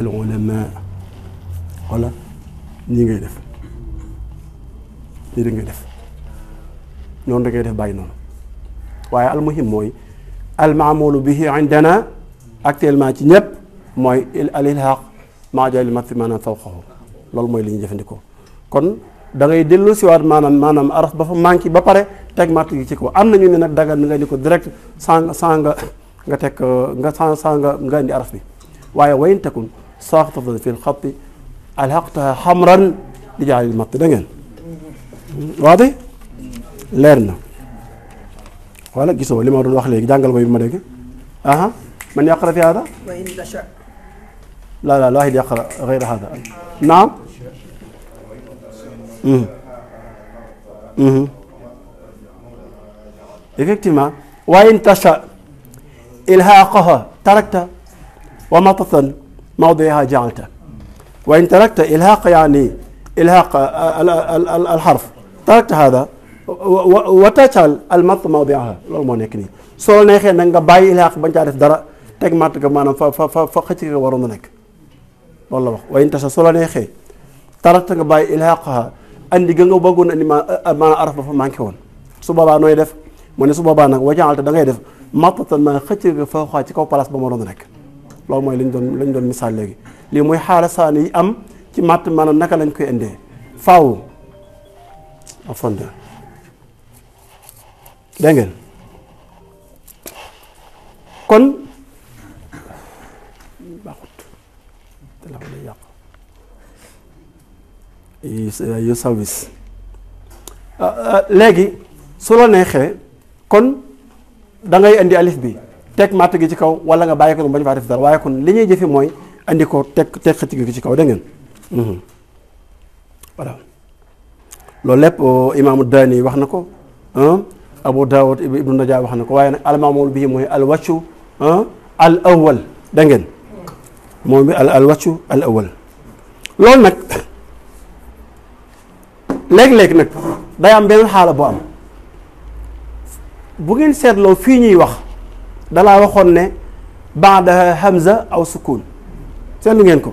al ulama wala nii ngay def lii da ngay def noonu da ngay def bàyyi noonu waaye al muhim mooy al maamulu bihi indana actuellement ci ñëpp mooy al ilhaq maa jaay li matti maanaam fawqahu loolu mooy li ñuy jëfandikoo kon dangay ngay si waat maanaam maanaam araf ba fa manqué ba pare teg matt gi ci kaw am na ñu ne nag dagal nga ni ko direct sans sans nga nga teg euh, nga sans sans indi araf bi waaye wayin takun saaxatatan fil xatti alxaqtaha xamran di jaalil matt da ngeen waate leer na wala gisoo li ma doon wax léegi jàngal ko bi ma dégg aha man yaqra fi hada laa laa la waxid yaqra gayra hada naam effectivement wa in tasha ilhaqaha tarakta wa matatan موضعها جعلته وإن تركت إلهاق يعني إلهاق الحرف تركت هذا وتجعل المط موضعها loolu moo nekk nii soo la neexee nag nga bàyyi ilhaq bañ caa def dara teg matt ga maanaam fa fa fa xëcc nga waroon na nekk loolu la wax wa in tasa soo la neexee tarakta nga bàyyi ilhaqaha andi ga nga bëggoon andi maanaam araf ba fa woon su boobaa nooy def mu ne su boobaa nag wajaxalte da ngay def mattatan maa xëcc nga fa xaa ci kaw place ba ma doon nekk loolu mooy lañ doon lañ doon misaal léegi lii mooy xaala saani yi am ci matt maanaam naka lañ koy indee faaw a fond dégg kon baaxut uh, uh, uh, léegi su la neexee kon dangay ngay indi alif bi teg matt gi ci kaw wala nga bàyyi ko noonu bañ faa def dara waaye kon li ñuy jëfe mooy andi ko teg teg xëcc gi ci kaw dégg ngeen mhm. voilà loolu lépp euh, imaamu Daani wax na ko Abu Daawud Ibnu Najaa wax na ko waaye nag almaamul bi mooy alwaccu al awwal dégg ngeen moom bi al alwaccu al awwal loolu nag léeg-léeg nag day am benn xaala bu am bu ngeen seetloo fii ñuy wax dalaa waxoon ne baadaha hamza aw sukun seetlu ngeen ko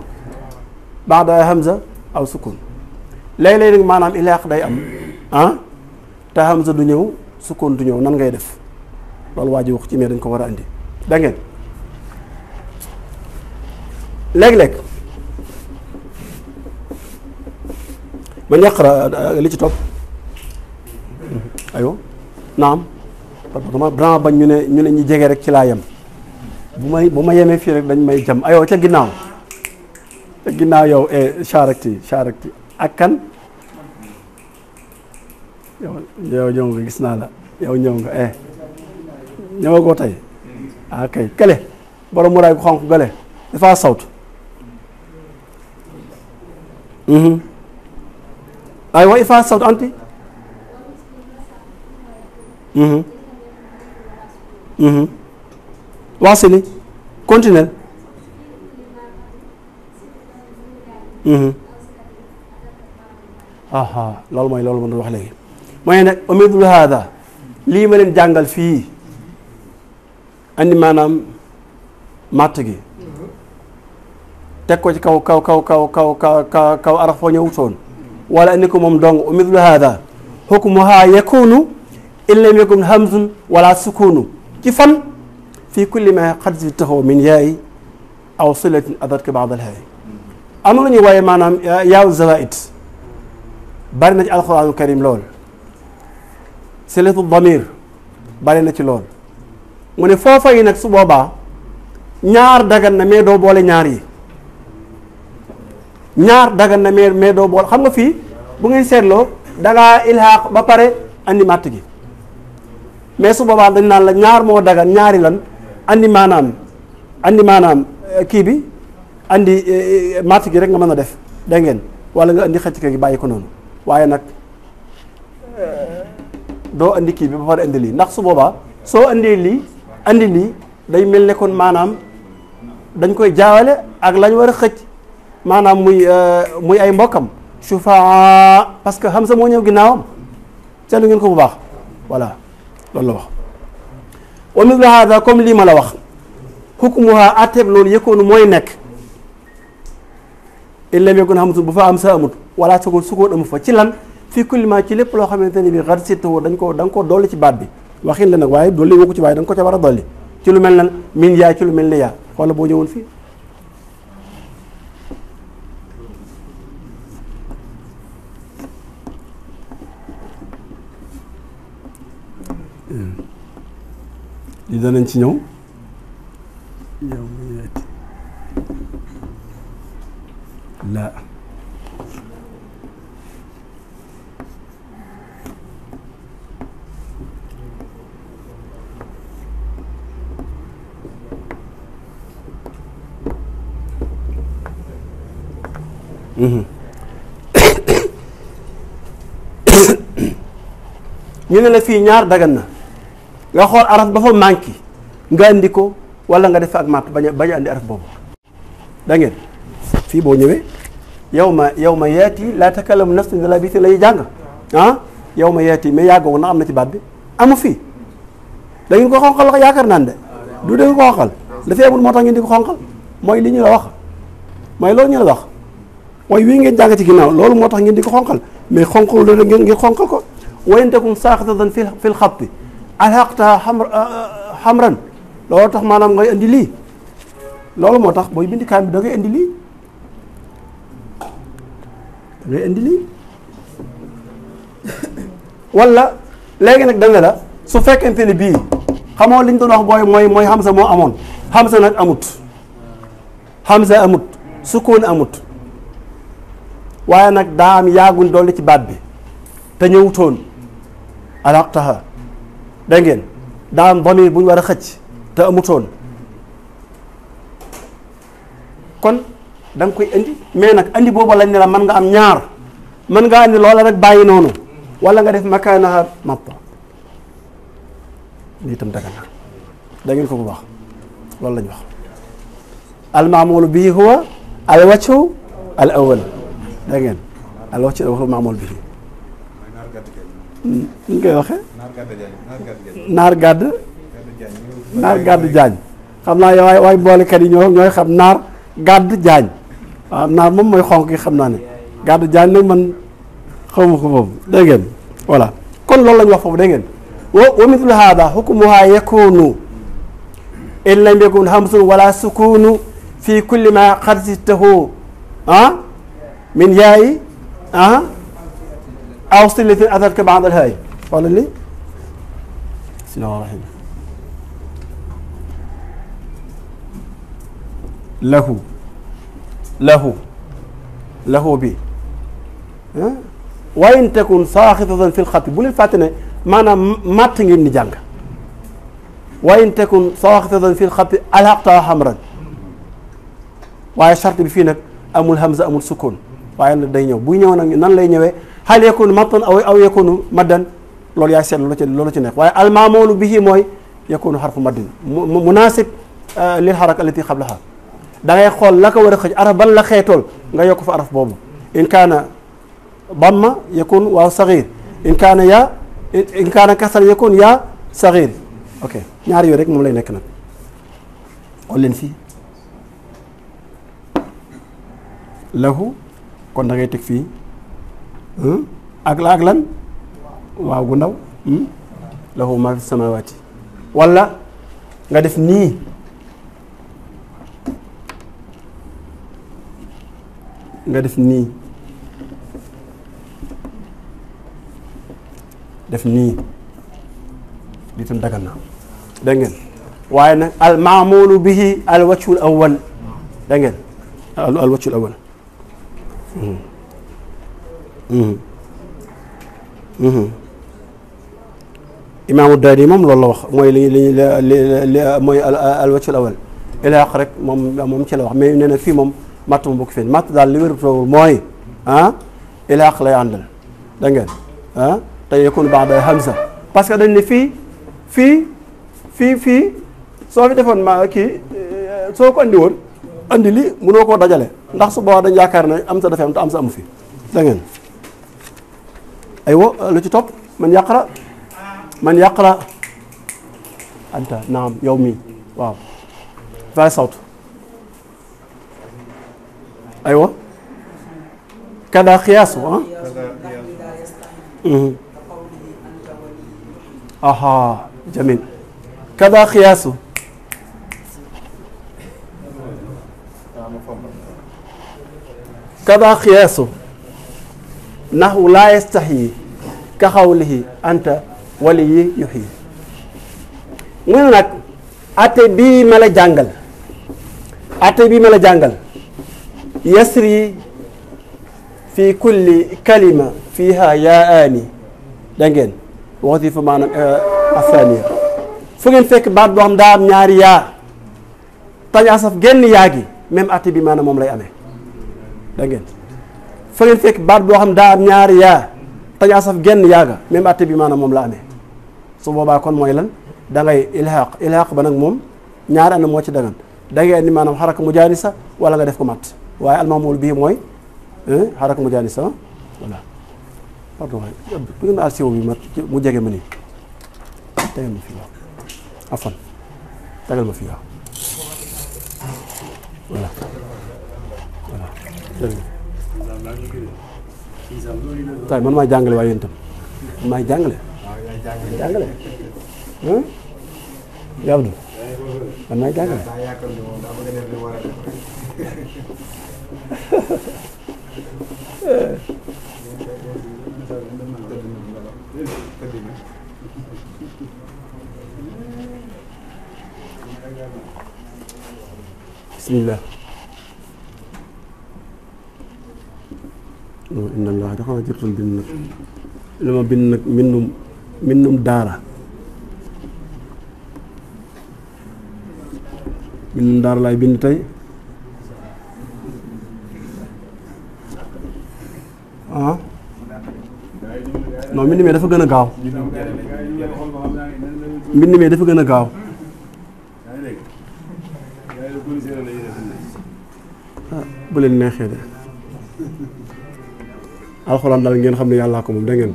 baadaha hamza aw sukun léeg-léeg maanaam ilaq day am ah te hamza du ñëw sukun du ñëw nan ngay def loolu waa ji wax ci mais dañ ko war a indi dangeen ngeen léeg-léeg man yaqra li ci topp ayo naam parce que dama dama bañ ñu ne ñu ne ñu jege rek ci laa bu may bu ma yemee fii rek dañ may jam ayoo ca ginnaaw ca ginnaaw yow e eh, charakti charakti ak kan yow ñëw nga gis naa la yow ñëw nga e ñëwagoo tey ah kay kële borom mu raay ku xonq gale dafaa sawt mm-hmm. ay wa ifaa sawt anti mm-hmm. واصلي mhm. كونتينل mhm. aha loolu mooy loolu ma doon wax léegi mooy nag amidul haada lii ma leen jàngal fii andi maanaam matt gi teg ko ci kaw kaw kaw kaw kaw kaw kaw araf foo ñëw soon wala moom dong amidul haada xukmuha yakunu in lam yakun hamzun wala sukunu ci fan fii kulli ma xad si taxaw min yaay aw silatin adarka baad al haay am na ñuy waaye maanaam yaaw zawaid bari na ci alquranu karim lool silatu damir bari na ci lool mu ne foofa yi nag su boobaa ñaar dagan na mais doo boole ñaar yi ñaar dagan na mais mais doo boole xam nga fii bu ngeen seetloo da ngaa ba pare andi màtt gi mais su boobaa dañ naan la ñaar moo dagan ñaari lan andi maanaam andi maanaam eh, kii bi andi eh, eh, matt gi rek nga mën a def dégg ngeen wala nga andi xëcc gi bàyyi ko noonu waaye nag doo indi kii bi ba pare andi lii ndax su boobaa soo andee lii andi lii day mel ne kon maanaam dañ koy jaawale ak lañ war a xëcc maanaam muy muy ay mbokkam sufa parce que xam sa moo ñëw ginnaawam seetlu ngeen ko bu baax voilà loolu la wax wa mislu haada comme lii ma la wax xukmuha atteeb loolu yëkkoonu mooy nekk illam yekun xamatul bu fa am sa amut wala sakon sukkoon amu fa ci lan fii kulli ma ci lépp loo xamante ne bi xar sittawoo dañ ko da nga ko dolli ci baat bi waxin la nag waaye dolli woo ko ci waaye da nga ko ca war a dolli ci lu mel na min yaa ci lu mel ni yaa xoola boo ñëwoon fii li danañ ci ñëw. Mhm. ñu ne la fii ñaar dagan na nga xool araf ba fa manqué nga indi ko wala nga def ak matt bañ a bañ a boobu da ngeen fii boo ñëwee yow ma yow ma yeeti laa takalamu nafsin illaa bi lay jàng ah yow ma yeeti mais yàggoo na am na ci baat bi amu fii da ngeen ko xonqal wax yaakaar naan de du dee ko xonqal dafay amul moo tax ngeen di ko xonqal mooy li ñu la wax mooy loolu ñu la wax waaye wii ngeen jàng ci ginnaaw loolu moo tax ngeen di ko xonqal mais xonq la ngeen ngeen xonqal ko wayantakum saaxatatan fil fil xabti xam ah, ah, xamran loolu tax maanaam ngay indi lii loolu moo tax mooy bind kaamil da ngay indi lii da ngay indi lii wala léegi nag danga la su fekkente ne bii xamoo liñ doon wax booy mooy mooy xamsa moo amoon xamsa nag amut xamsa amut sukkoon amut waaye nag daa am yaaguñ dolli ci baat bi te ñëwutoon alxaqtaha dégg ngeen daa am damir bu ñu war a xëcc te amutoon kon da koy indi mais nag indi boobu lañ ne la mën nga am ñaar mën nga andi loola rek bàyyi noonu wala nga def makaanaha mappa lii itam daga na da ko bu baax loolu lañ wax almaamul bii huwa alwaccu al awal da ngeen alwaccu al awal ni ñu waxee. naar gàdd naar gàdd jaañ xam naa yow waay waay mboolekat yi ñoo ñooy xam naar gàdd jaañ waaw naar moom mooy xonq yi xam naa ne gàdd jaañ nag man xawma ko moom dégg ngeen voilà kon loolu la ñu wax foofu dégg ngeen wa wa mithlu haada xukmuha yakunu in lam yakun hamsun wala sukunu fi kulli ma xarsittahu ah min yaayi ah aw sillatin atatka ba'da al-haay xoolal li bismillahi rahim lahu lahu lahu bi wa in takun saaxitatan fil xatbi bu leen fàtte ne maanaam matt ngeen di jàng wa in takun saaxitatan fil xatbi alxaqta xamran waaye charte bi fii nag amul hamza amul sukkoon waaye nag day ñëw buy ñëw nag nan lay ñëwee xal yakunu mattan aw aw yakunu maddan loolu yaay seetlu loolu ci loolu ci nekk waaye almaamulu bihi mooy yakunu xarfu maddin munaasib lil xaraka allati qablaha da ngay xool la war a xëj araf ban la xeetool nga yokk fa araf boobu in kaana bamma yakun waaw saxiir in kaana yaa in kaana kasar yakun yaa saxiir ok ñaar yooyu rek moom lay nekk nag xool leen fii lahu kon da ngay teg fii ak la ak lan waaw gu ndaw hmm? lahu ma fi samawati wala nga def nii nga def nii def nii lii tam dagan na dégg waaye nag al maamulu bihi al wajhul awwal dégg ngeen al wajhul awwal hmm. Mm-hmm. imaamu daani moom loolu la wax mooy li li li mooy la awal ilhaq rek moom moom ci la wax mais nee na fii moom matt ma bokk fii matt daal li wéru mooy ah ilhaq lay àndal da ngeen ah te yakun baada hamza parce que dañ ne fii fii fii fii soo fi defoon ma kii eh, soo ko andi woon andi li munoo koo dajale ndax su boobaa dañ yaakaar na am sa dafa am te am sa amu fi da aywa lu ci topp man yaqra man yaqra anta naam yow waaw fay sawt aywa kada xiyaasu ah mhm. aha jamil kada xiyaasu kada xiyaasu naxu laa yastaxyi ka xawlihi anta wali yi yuxyi mu ne nag atte bii ma la jàngal atte bii ma la jàngal yasri fi kulli kalima fiha yaani da ngeen waxti fa maanaam eh, asaniya fu ngeen fekk baat boo xam daa am ñaari yaa tañ asaf genn yaa gi même atte bi maanaam moom lay amee da fa fekk baat boo xam daa am ñaari yaa tañaa saf genn yaaga même atte bi maanaam moom la amee su boobaa kon mooy lan da ngay ilhaq ba nag moom ñaari anam moo ci dagan da ngay andi maanaam xaraka mujaanisa wala nga def ko matt waaye almamul bii mooy xaraka mujaanisa voilà pardon bu ngeen mu jege ma nii tegal ma fii waaw afan tegal ma fii waaw voilà waaye man maay jàngale waaye yéen tam maay jàngale. jàngale man maay jàngale. bismillah. inna allaha raxawatirtul bind nag li ma bind nag mbindum mbindum daara mbindum daara laay bind tey ah non mbind dafa gën a gaaw mbind mi dafa gën a gaaw ah, bu leen neexee de alxuraan daal ngeen xam ne yàllaa ko moom da ko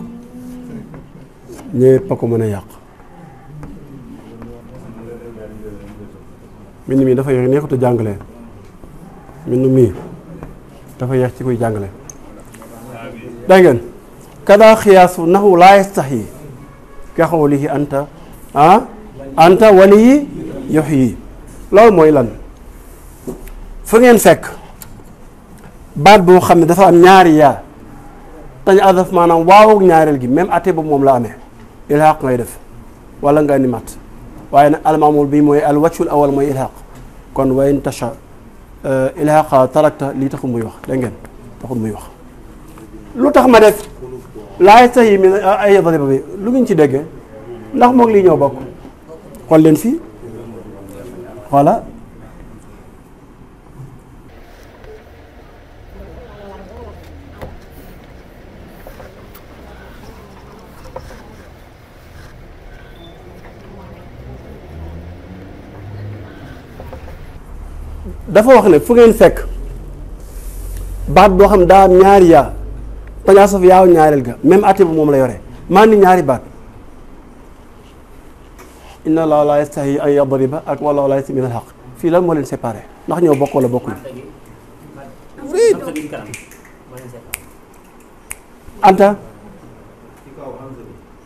ñëpp a ko mën a yàq mbind mi dafa yeex neexut a jàngale mbind mii dafa yeex ci kuy jàngale da ngeen kada xiyaasu naxu laa yastaxi ka xawlihi anta ah anta wali yi yox yi loolu mooy lan fu ngeen fekk baat boo xam ne dafa am ñaari yaa tañ adaf maanaam waaw ñaareel gi même atte boobu moom la amee ilhaq ngay def wala nga ni mat waaye nag almaamul bi mooy al wàccul awal mooy ilhaq kon wa in tasha euh, ilhaqa tarakta lii taxul muy wax dégg ngeen taxul muy wax lu tax ma def laay sax yi mi ay yadriba bi lu ngeen ci déggee ndax moom lii ñoo bokk xool leen fii voilà dafa wax ne fu ngeen fekk baat boo xam daa ñaari yaa bañaa saf yaaw ñaareel ga même atte bu moom la yore maa ñaari baat inna allah la yastahi an yadriba ak wallahu la yastahi min alxaq fii lan moo leen séparé ndax ñoo bokk wala bokkuñu anta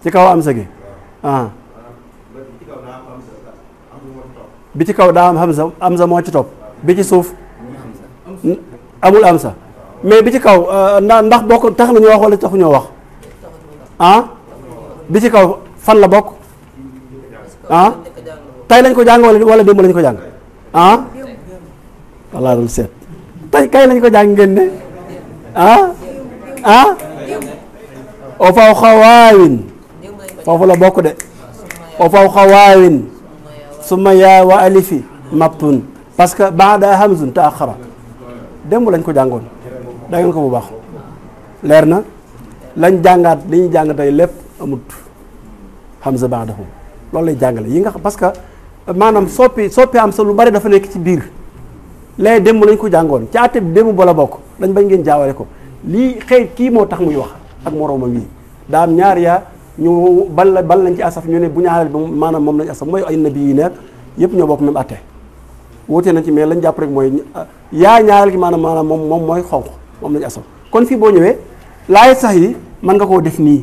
ci kaw am sa gi ah. bi ci kaw daa am hamza hamza moo ci topp bi ci suuf amul am sa mais bi ci kaw euh, ndax bokk tax na ñu wax wala taxu ñoo wax ah? bi ci kaw fan la bokk ah tey lañ ko jàng wala wala démb lañ ko jàng ah walla dul seet tey kay lañ ko jàng ngeen ne ah ah o faw xawaawin foofu la bokk de o faw xawaawin suma yaa wa alifi maptun parce que baada hamzun taaxara démb lañ ko jàngoon da ko bu baax leer na lañ jàngaat li ñuy jàng tey lépp amut hamza baadahu loolu lay jàngale yi nga xam parce que maanaam soppi soppi am sa lu bari dafa nekk ci biir lee demb lañ ko jàngoon ci àtte bi démb bala bokk dañ bañ ngeen jaawale ko lii xëy kii moo tax muy wax ak moroomam yi daam ñaar yaa ñu bal bal lañ ci asaf ñu ne bu ñaareel bi maanaam moom lañ asaf mooy ay nabi yi nekk yëpp ñoo bokk même àtte wuute nañ ci mais lañ jàpp rek mooy yaa ñaareel gi maanaam maanaam moom moom mooy xonq moom lañu asal kon fii boo ñëwee laay sax yi man nga koo def nii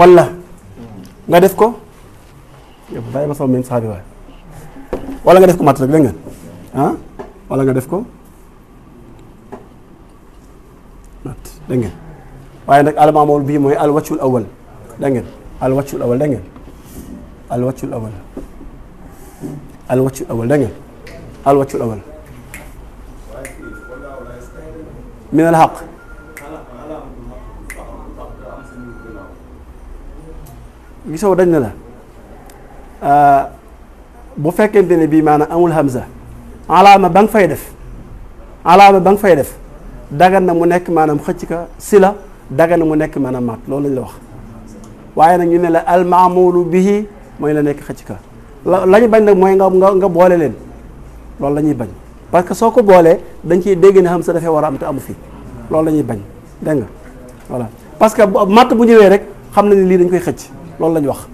walla nga def ko bàyyi ma sama même sax nga def ko matt rek ah, nga def ko matt dégg ngeen waaye nag almaamul bii mooy alwaccul awal dégg ngeen alwaccul awal dégg ngeen alwaccul awal alwaccul awal الوجه awal من الحق gisoo dañ na la euh, bu fekkente ne bii maanaam amul hamza alaama ba nga fay def alaama ba nga fay def dagan na mu nekk maanaam xëcc ka si la dagan na mu nekk maanaam maat loolu lañ la wax waaye nag ñu ne la almaamulu bihi mooy la nekk xëcc ka la lañu bañ nag mooy nga nga boole leen loolu la ñuy bañ parce que soo ko boolee dañ ciy dégg ne hamza dafay war a am te amu fi loolu la ñuy bañ dégg nga voilà parce que matt bu ñëwee rek xam na ni lii dañ koy xëcc loolu la ñu wax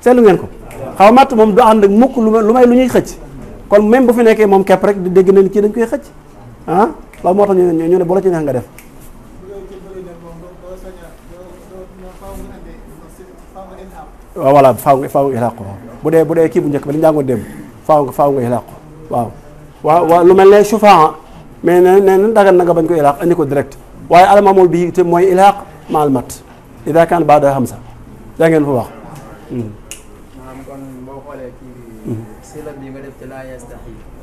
seetlu ngeen ko xaw matt moom du ànd ak mukk lu may lu ñuy xëcc kon même bu fi nekkee moom kepp rek di dégg nañ kii dañ koy xëcc ah moo tax ñu ne ñu ne bu la ci neex nga def waaw voilà faaw nga faaw nga ilaqo bu dee bu dee kii bu njëkk ba li njàngoon démb faaw nga faaw nga ilaqo waaw waaw waaw lu mel ne chauffant mais nee na nee dagan na nga bañ ko ilaq andi ko direct waaye alamamul bi te mooy ilaq maal mat ida kaan baa da xam sa yaa ngeen fa wax. Hmm. maanaam kon boo xoolee kii hmm. sila bi nga def ci laa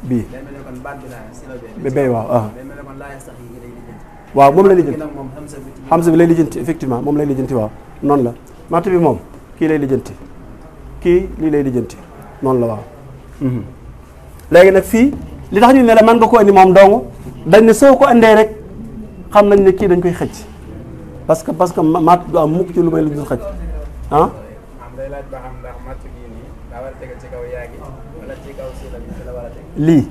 bii day mel ne bay waaw ah. day mel ne kon laa yastaxi gi day lijjanti waaw moom lay lijjanti xamsa bi lay lijjanti effectivement moom lay lijjanti waaw noonu la mat bi moom kii lay lijjanti kii lii lay lijjanti noonu la waaw hmm. léegi nag fii li tax ñu ne la mën nga ko indi moom dong dañ ne soo ko indee rek xam nañ ne kii dañ koy xëcc parce que parce que matt du am mukk ci lu may lu dul xëcc ah. lii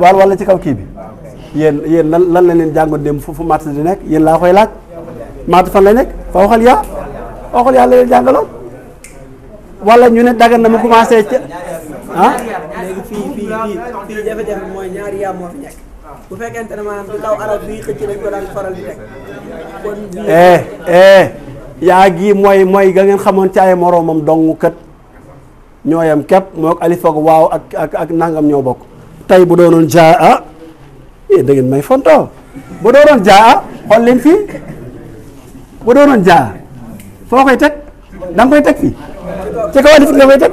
wala wala ci kaw kii bi ah, yéen yéen lan lan la leen jàngoon dem fu matt di nekk yéen laa koy laaj matt fan lay nekk fa waxal yaa waxal yaa la leen jàngaloon wala ñu ne dagan na mu commencé ca. ah léegi yaa moo fi fekkente ne maanaam taw eh, eh, gi mooy mooy ga ngeen xamoon ci ay moroomam dong kat ñooyam kepp moo alif ak waaw ak ak nangam ñoo bokk tey bu doonoon jaa ah eh, da ngeen may fonto bu doonoon jaa ah xool leen fii bu doonoon jaa foo koy teg da koy teg fii ci kaw alif nga koy teg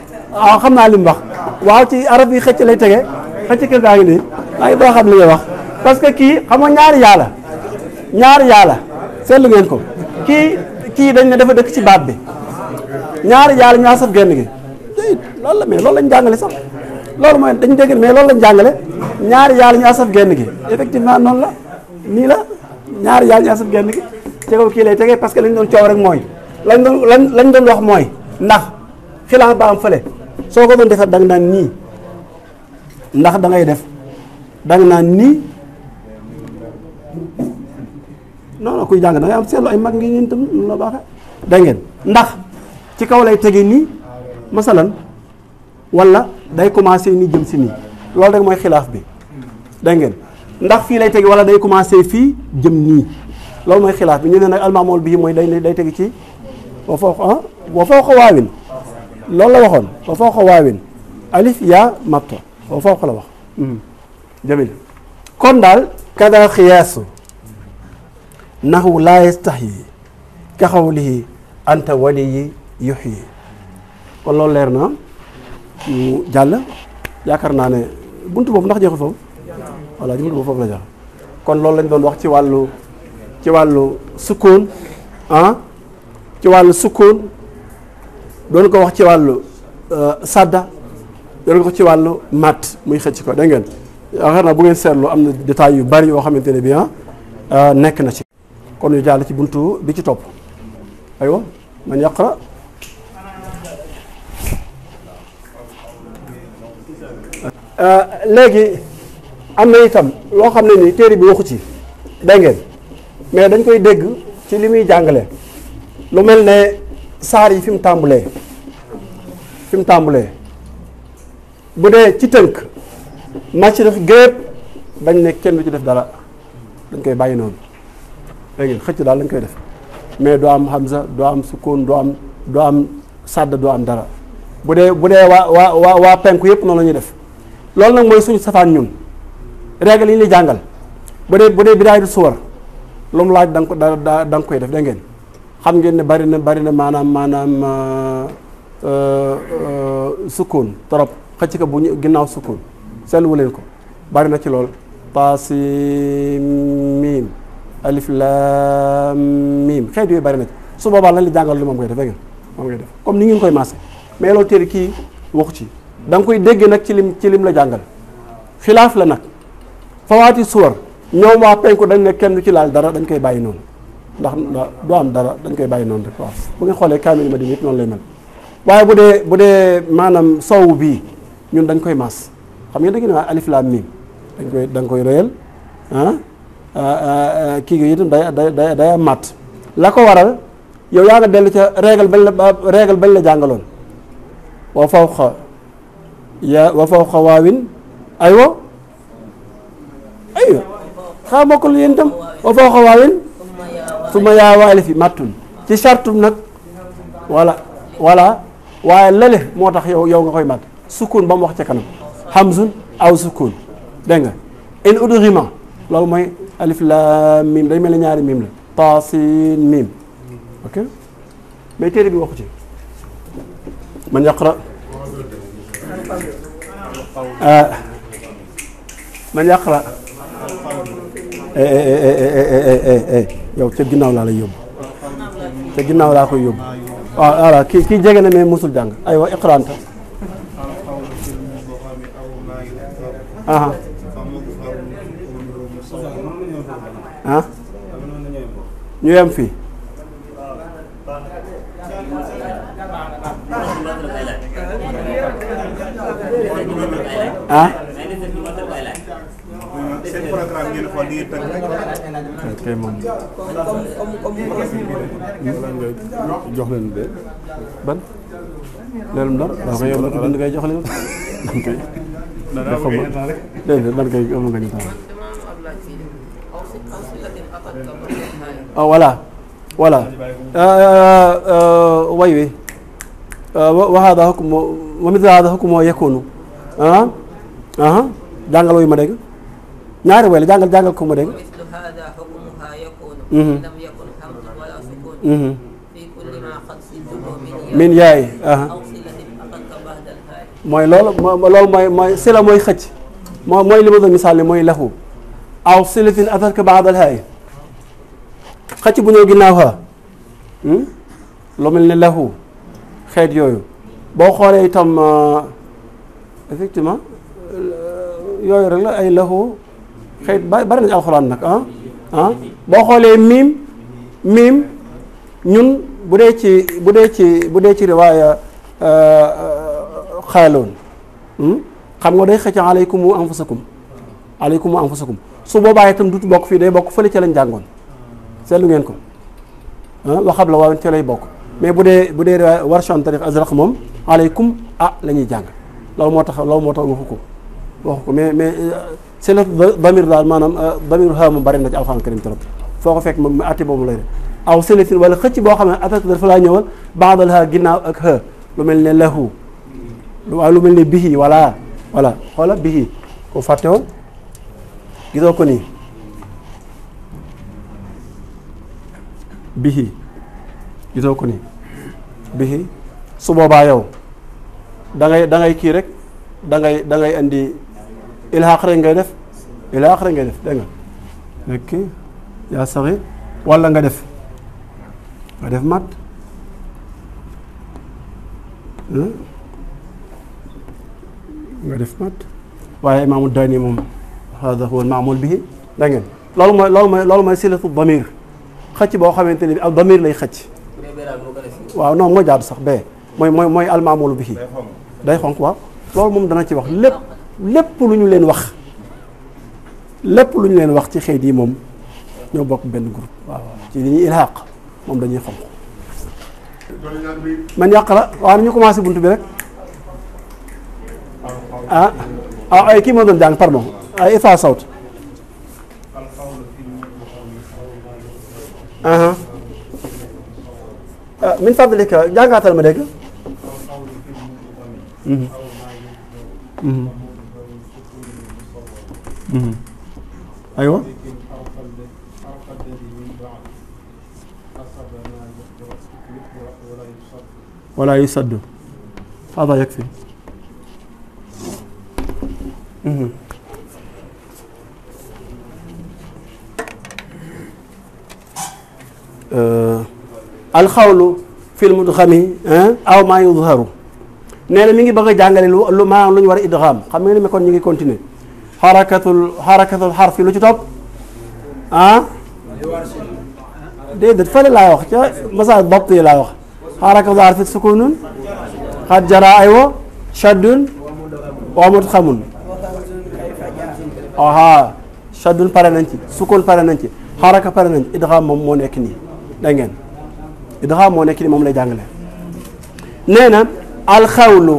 waaw xam naa li mu wax waaw ci arab yi xëcc lay tege xëcc kër gaa ngi nii maa ngi xam li ngay wax parce que kii xam nga ñaari yàlla ñaari yàlla seetlu ngeen ko kii kii dañ ne dafa dëkk ci baat bi ñaari yàlla ñaar saf genn gi loolu la mais loolu lañ jàngale sax loolu mooy dañ dégg mais loolu lañ jàngale ñaari yàlla ñaar saf genn gi effectivement noonu la nii la ñaari yàlla ñaar saf genn gi te kii lay tegee parce que lañ doon coow rek mooy lañ doon lañ doon wax mooy ndax xilaaf ba am fële soo ko doon defar da nga naan nii ndax dangay def da nga naan nii non non kuy jàng da am seetlu ay mag ngi ñun tam la baaxee da ngeen ndax ci kaw lay tege nii masalan walla day commencé nii jëm si nii loolu rek mooy xilaaf bi da ngeen ndax fii lay tege wala day commencé fii jëm nii loolu mooy xilaaf bi ñu ne nag almaamool bii mooy day day tege ci boo foo ko boo foo waawin loolu la waxoon wa fawqa waawin alif yaa mabto wa fawqa la wax hmm. jamil kon daal kada xiyaasu naxu laa yastaxyi ka xawlihi yi waliyi yuxyi kon loolu leer na mu jàll yaakaar naa ne buntu boobu ndax jeexul walla voilà buntu boobu foofu la jeex kon loolu lañ doon wax ci wàllu ci wàllu sukkoon ah? ci wàllu sukkoon doon ko wax ci wàllu euh, sadda doon ko ci wàllu matt muy xëcc ko dégg ngeen yaakaar naa bu ngeen seetlu am na détails yu bari yoo xamante ne bi ah, euh, nekk na ci kon jàll ci buntu bi ci topp aywa man euh, léegi am na itam loo xam ne téere bi waxu ci dégg ngeen mais dañ koy dégg ci li muy jàngale lu mel ne saar yi fi mu tàmbulee fi mu tàmbalee bu dee ci tënk màcc def gépp dañ ne kenn du ci def dara dañ koy bàyyi noonu dégg ngeen xëcc daal lañ koy def mais doo am hamza doo am sukkoon doo am sàdd doo am dara bu dee bu dee waa waa waa waa penku yëpp noonu la ñuy def loolu nag mooy suñu safaan ñun règle yi ñu jàngal bu dee bu dee bidaay du suwar lu mu laaj da ko da da nga koy def dégg ngeen xam ngeen ne bari na bari na maanaam maanaam. Euh, euh, sukkoon torop xëcc ko bu ñu ginnaaw sukkoon seetlu leen ko bari na ci lool taasim miim alif laam miim xeet yooyu bari na ci su boobaa lan la jàngal lu moom ngay def dégg moom ngay def comme ni ngeen koy maase mais loolu téere kii waxu ci da koy dégg nag ci lim ci lim la jàngal xilaaf la nag fawaati suwar ñoom waa penku dañ ne kenn du ci laal dara dañ koy bàyyi noonu ndax du am dara dañ koy bàyyi noonu rek waaw bu ngeen xoolee kaamil ma di it waaye bu dee bu dee maanaam sow bii ñun dañ koy mas xam nga da ngeen alif laam miim dañ koy dañ koy réyal ah, ah, ah, kii gi day day day am matt la ko waral yow yaa nga dellu ca régal bañ la jàngaloon wa fawqa ya wa fawqa waawin aywa aywa xaa bokkul yéen itam wa fawqa waawin su ma yaa waa alif yi mattun ci chartum nag voilà voilà waaye lale moo tax yow yow nga koy màgg sukkuun ba mu wax ca kanam hamzun aw sukkuun dégg nga in udrima loolu mooy alif laam miim day mel ne ñaari miim la taasin miim ok mais téere bi waxu ci man yaqra man yaqra yow ca ginnaaw laa lay yóbbu ca ginnaaw laa koy yóbbu waaw voilà kii kii jege na mais mosul jàng aywa iqraanta aha ah ñu yem fii kay moom. jox leen de ban. leelum ndar waaw kay yow ko bind kay jox leen. kay. déedéet man kay amul nga ñu taal. ah voilà. voilà. Ah, ah, ah, way wi. wa hada hukmu wa mithla hada hukmu yakunu. ah. ah jàngal wayu ma dégg. ñaari way la jàngal jàngal ko ma dégg. لم يكن حمد ولا سكون في كل ما قد سلته من ياي أو صلة أقلت بعد الهاي mooy loolu loolu mooy mooy sila mooy xëcc moo mooy li ma doon misaal mooy lexu aw silatin atarka baadal haay xëcc bu ñëw ginnaaw xa hmm? lu mel ni lexu xeet yooyu boo xoolee itam ah, effectivement euh, yooyu rek la ay lexu xeet bari nañu alxuraan nag ah ah boo xoolee miim miim ñun bu dee ci bu dee ci bu dee ci riwaaya eh, xaaloon hmm? xam nga day xëcc aleykum wa anfusakum aleykum wa anfusakum su boobaa itam dutu bokk fii day bokk fële ca lañ jàngoon seetlu ngeen ko waxab ah, la waaw ca lay bokk mais bu dee bu dee warshon tarix azraq moom aleykum ah la ñuy jàng loolu moo tax law moo tax waxu ko waxu ko mais mais seen damir daal maanaam euh, damir xaw ma bari na ci alxuraan karim trop foo ko fekk moom mu àtte boobu lay def aw sëletin wala xëcc boo xam ne attaque dafa laa ñëwal baadal ha ginnaaw ak ha lu mel ne lahu waaw lu mel ne bihi voilà voilà xoola bihi ko fàtte gisoo ko nii bihi su boobaa yow da ngay kii rek da ngay da indi ilxaq rek ngay def ilxaq rek ngay def dégg nga nekk yaa saxi wala nga def nga def mat nga def mat waaye imaamu dani moom hada huwa maamul bihi da ngeen loolu mooy loolu mooy loolu mooy silatu xëcc boo xamante ne bi ab damir lay xëcc waaw non moo jaadu sax bee mooy mooy mooy almaamul bihi day xonq waaw loolu moom dana ci wax lépp lépp lu ñu leen wax lépp lu ñu leen wax ci xeet yi moom ñoo bokk benn groupe waaw ci li ñuy moom dañuy xam man yàq la waaw ñu commencé bunt bi rek ah ah ay kii moo doon jàng pardon ah, ah, ma dégg mhm. Mhm. Mm-hmm. aywa wala yusaddu hada yakfi mm-hmm. uh, alxawlu fil mudxami eh, aw maa yudharu nee na mi ngi bëgg a jàngale lu maa lu ñu war a idgham xam nga ne kon ñu ngi continuer xarakatul xarakatul xarf yi lu ci topp ah déedéet fële laay wax ca masaaj bopp yi laay wax xarakatul xarf yi sukunun xat jara aywa shaddun wamut xamun aha shaddun pare nañ ci sukun pare nañ ci xaraka pare nañ ci idgham moom moo nekk nii da ngeen idgham moo nekk nii moom lay jàngale nee na alxawlu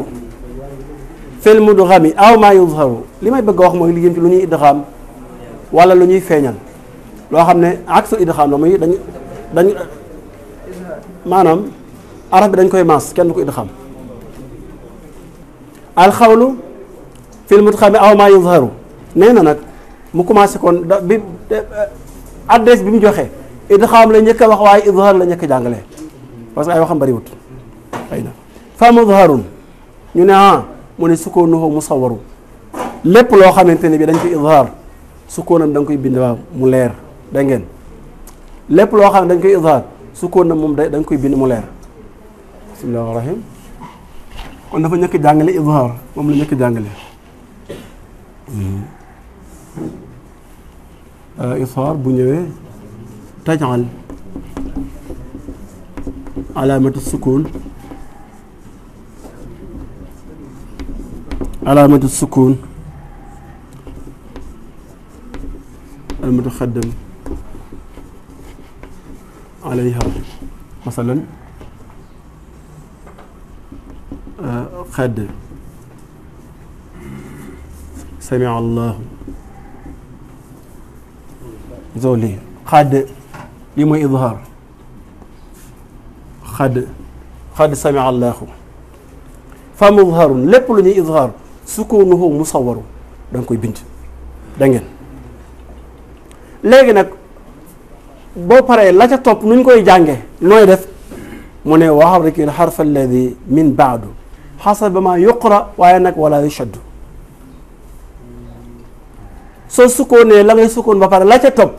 fil mudghami aw ma yuzharu li may bëgg wax mooy li ci lu ñuy idxaam wala lu ñuy feeñal loo xam ne ak su idxaam la muy dañ dañ maanaam araf bi dañ koy maas kenn du ko idxaam alxawlu fil mutxami aw maa yuzharu nee na nag mu commencé kon da bi adresse bi mu joxe idxaam la njëkk a wax waaye izhar la njëkk a jàngale parce que ay waxam bariwut xëy na fa muzharun ñu ne ah mu ne sukoonuhu musawwaru lépp loo xamante ne bi dañ koy izhaar sukkoonam da nga koy bind mu leer dangeen lépp loo xam ne dañ koy izhaar sukkoonam moom da nga koy bind mu leer bismillahi rahim kon dafa ñëkk jàngale izhaar jàngale hmm. euh, bu ñëwee tajal alaamatu sukkoon alaamatu sukkoon almutaxaddam alayha masalan xadd sami allahu zoli xadd li mooy idhaar xadd xadd sami allahu fa mudharun lépp lu ñuy idhaar sukunuhu musawaru da nga koy bind da léegi nag boo paree la ca topp nuñ koy jànge nooy def mu ne waxarrikil xarfa alladi min baadu xasaba ma yuqra waaye nag wala yushaddu soo sukkoonee la ngay sukkoon ba pare la ca topp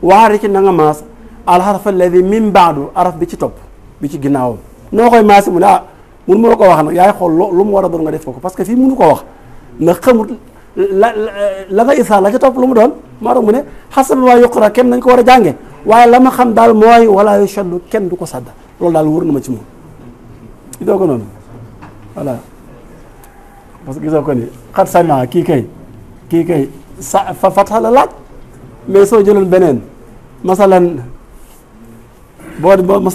waxarriki na nga maas alxarfa alladi min baadu araf bi ci topp bi ci ginnaawam noo koy maas mu ne ah mun moo ko wax nag yaay xool lu mu war a doon nga def ko ko parce que fii mënu ko wax nga xamut la la nga isaa la ca topp lu mu doon moo tax mu ne xasaba maa yuqra kenn nañ ko war a jànge waaye la ma xam daal mooy wala yushaddu kenn du ko sàdda loolu daal wóor na ma ci moom gisoo ko noonu voilà parce que gisoo ko ni xat sami kii kay kii kay sa fa la laaj mais soo jëloon beneen masalan boo boo ma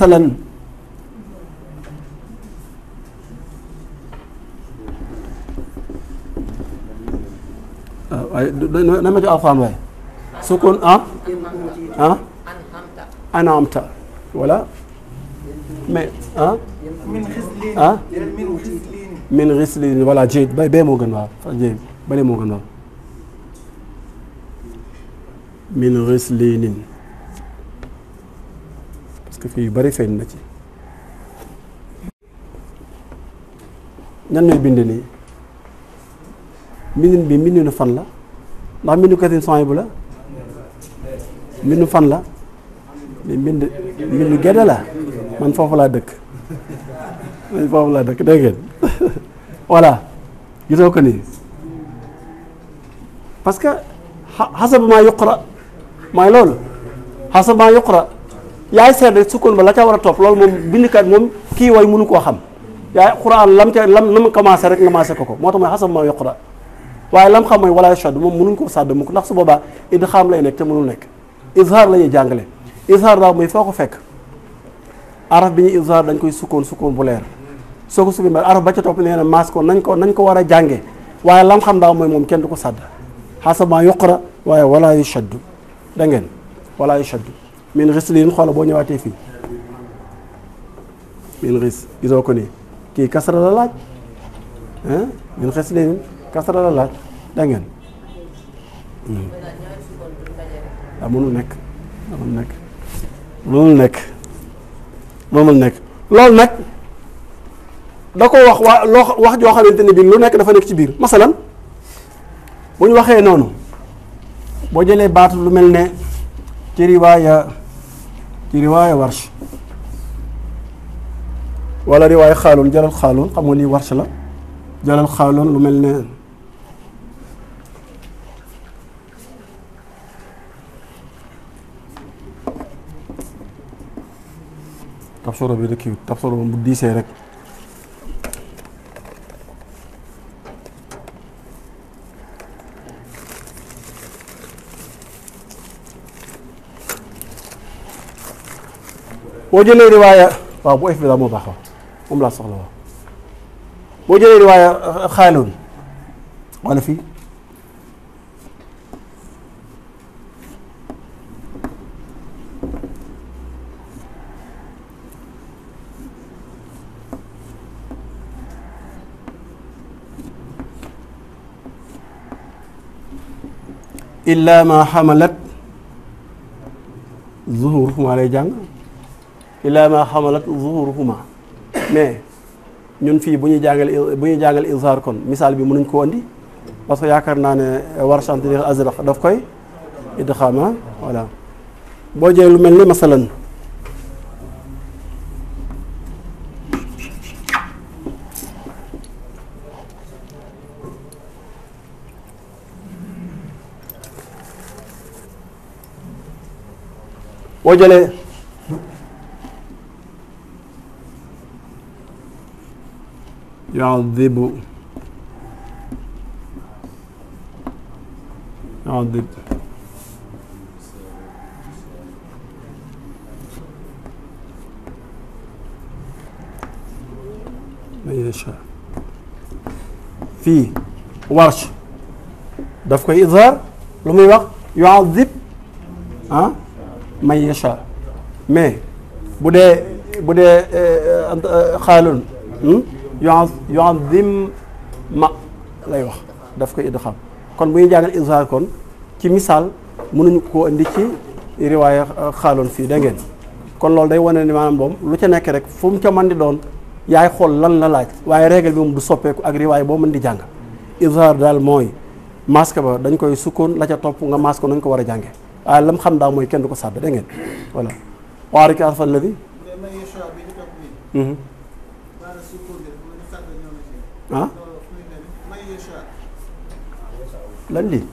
waaye sukun ah ah anamta voilà mais ah ah min ghislin voilà jéeg bay moo gën waaw bale moo gën waaw min ghislin parce que fii yu bari feeñ na ci ñan ñooy bind nii mbindin bi mbindinu fan la ndax mbindu kasin bu la mbindu fan la mais mbind mbindu gedde la man foofu laa dëkk man foofu laa dëkk dégg ngeen voilà gisoo ko nii parce que xasab maa yuqra mooy loolu xasab maa yuqra yaay seet rek sukkoon ba la ca war a topp loolu moom bindkat moom kii way mënu koo xam yaay xuraan lam ca lam nam commencé rek nga commencé ko ko moo tax mooy xasab maa yuqra waaye lam xam mooy wala shad moom mënuñ koo sàdd mu ko ndax su boobaa idxaam lay nekk te mënul nekk izhaar la ñuy jàngale izhaar daaw mooy foo ko fekk araf bi ñu izhaar dañ koy sukkoon sukkoon bu leer soo ko sukkoon araf ba ca topp nee na maas ko nañ ko nañ ko war a jàngee waaye lam xam daaw mooy moom kenn du ko sàdd xasama yuqra waaye wala yu shaddu da ngeen wala yu shaddu min ris lin xoola boo ñëwaatee fii min ris gisoo ko nii kii kasara la laaj min ris lin kasara la laaj da ah mënul nekk mënul nekk mënul nekk mënul nekk loolu nag da ko wax waa loo wax joo xamante ne bi lu nekk dafa nekk ci biir masalan bu ñu waxee noonu boo jëlee baat lu mel ne ci riwaaya ci riwaaya warsh wala riwaaya xaaloon jalal xaaloon xam nga lii warsh la jalal xaaloon lu mel ne tabsoro bi rek kii tabsoro boo jëlee riwaaya waaw bu ef moo baax moom laa soxla waaw boo jëlee riwaaya xaaloon wala illaa ma xamalat zuhuruhuma lay jàng illaa ma xamalat zuhuruhuma mais ñun fii bu ñuy jàngal bu ñuy jàngal izhaar kon misaal bi mënuñ ko andi parce que yaakaar naa ne war chantier azraq daf koy idxaama voilà boo jëlee lu mel ni masalan boo jëlee yuadibu yuadib fii warsh daf koy izhaar lu muy wax yuadib ah may yasha mais bu dee bu dee euh, euh, xaalun hmm? yu'azzim ma lay wax daf ko idgham kon bu ñu jàngal kon ci misaal mënuñu koo indi ci riwaaya xaalun fii da kon loolu day wane ni maanaam boom lu ca nekk rek fu mu ca man di doon yaay xool lan la laaj waaye règle bi moom du soppeeku ak riwaay boo mën di jàng izhaar daal mooy masque ba dañ koy sukkoon la ca topp nga masque nañ ko war a jànge waaye xam daa mooy kenn du ko sàdd da ngeen voilà waariki arfa alladi mhm. ah lan lii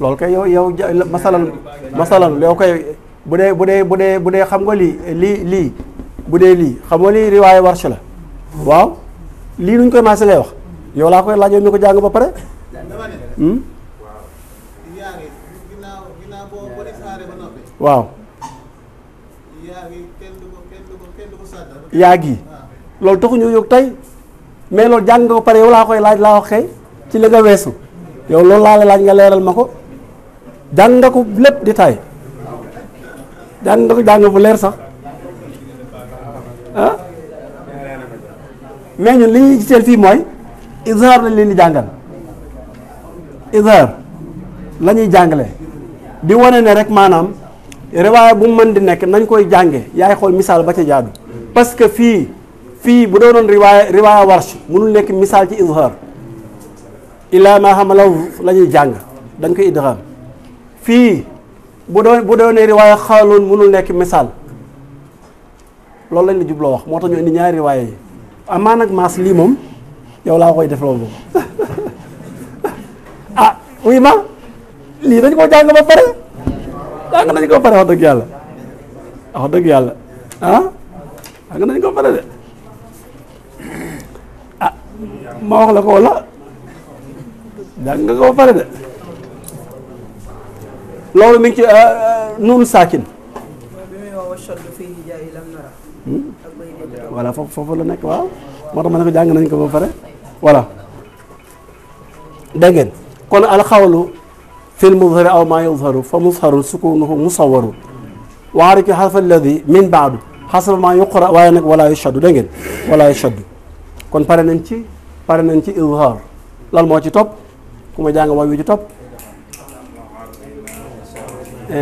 loolu kay yow yow masalan masalan yow kay bu dee bu dee bu dee bu dee xam nga lii lii lii bu dee lii xam nga lii riwaaye warsh la waaw lii nuñ koy maase ngay wax yow laa koy laaj mi ko jàng ba pare hmm? waaw. yaa gi loolu taxuñoo yóg tey mais loolu jàng nga ko pare yow laa koy laaj laa wax kay ci li nga weesu yow loolu laa laaj nga leeral ma ko jàng nga ko lépp di tay jàng nga ko jàng bu leer sax ah? mais ñun li ñuy giseel fii mooy izhar lañ leen di jàngal izhar lañuy ñuy jàngale di wane ne rek maanaam riwaaya bu mu mën di nekk nañ koy jànge yaay xool misaal ba ca jaadu parce que fii fii bu doonoon riwaaya riwaaya warsh mënul nekk misaal ci izhar ilaa maa xamalaw la ñuy jàng dañ koy idgham fii bu doon bu doonee riwaaya xaaloon mënul nekk misaal loolu lañ la jubloo wax moo tax ñu indi ñaari riwaaya yi amaa nag maas lii moom yow laa koy def loolu ah oui ma lii dañ ko jàng ba pare jàng ah, nañ ko pare wax dëgg yàlla wax dëgg yàlla ah jàng nañ ko pare de ah ma wax la ko wala jàng nga ko pare de loolu mi ngi ci ah, ah, nuunu saakin hmm? voilà foofu foofu la nekk waaw moo tax ma ne jàng nañ ko ba pare voilà dégg kon alxawlu في المظهر أو ما يظهر فمظهر سكونه مصور وعارف xarfa alladi min baadu xasab ma yuqra waaye nag wala yushaddu dégg ngeen wala yushaddu kon pare nañ ci pare nañ ci izhar lan moo ci topp ku ma jàng waay wi ci topp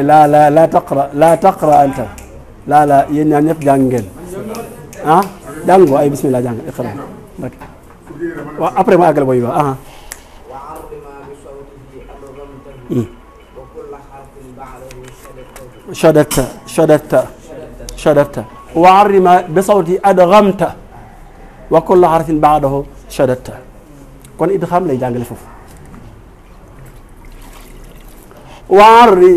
laa laa laa taqra laa taqra anta laa laa yéen ñaar ñëpp jàng ngeen ay bismillah jàng iqra après ma àggale booy شددت شددت شددت وعرم بصوت أدغمت وكل حرف بعده شددت كون إدغام لي جانجل فوف وعري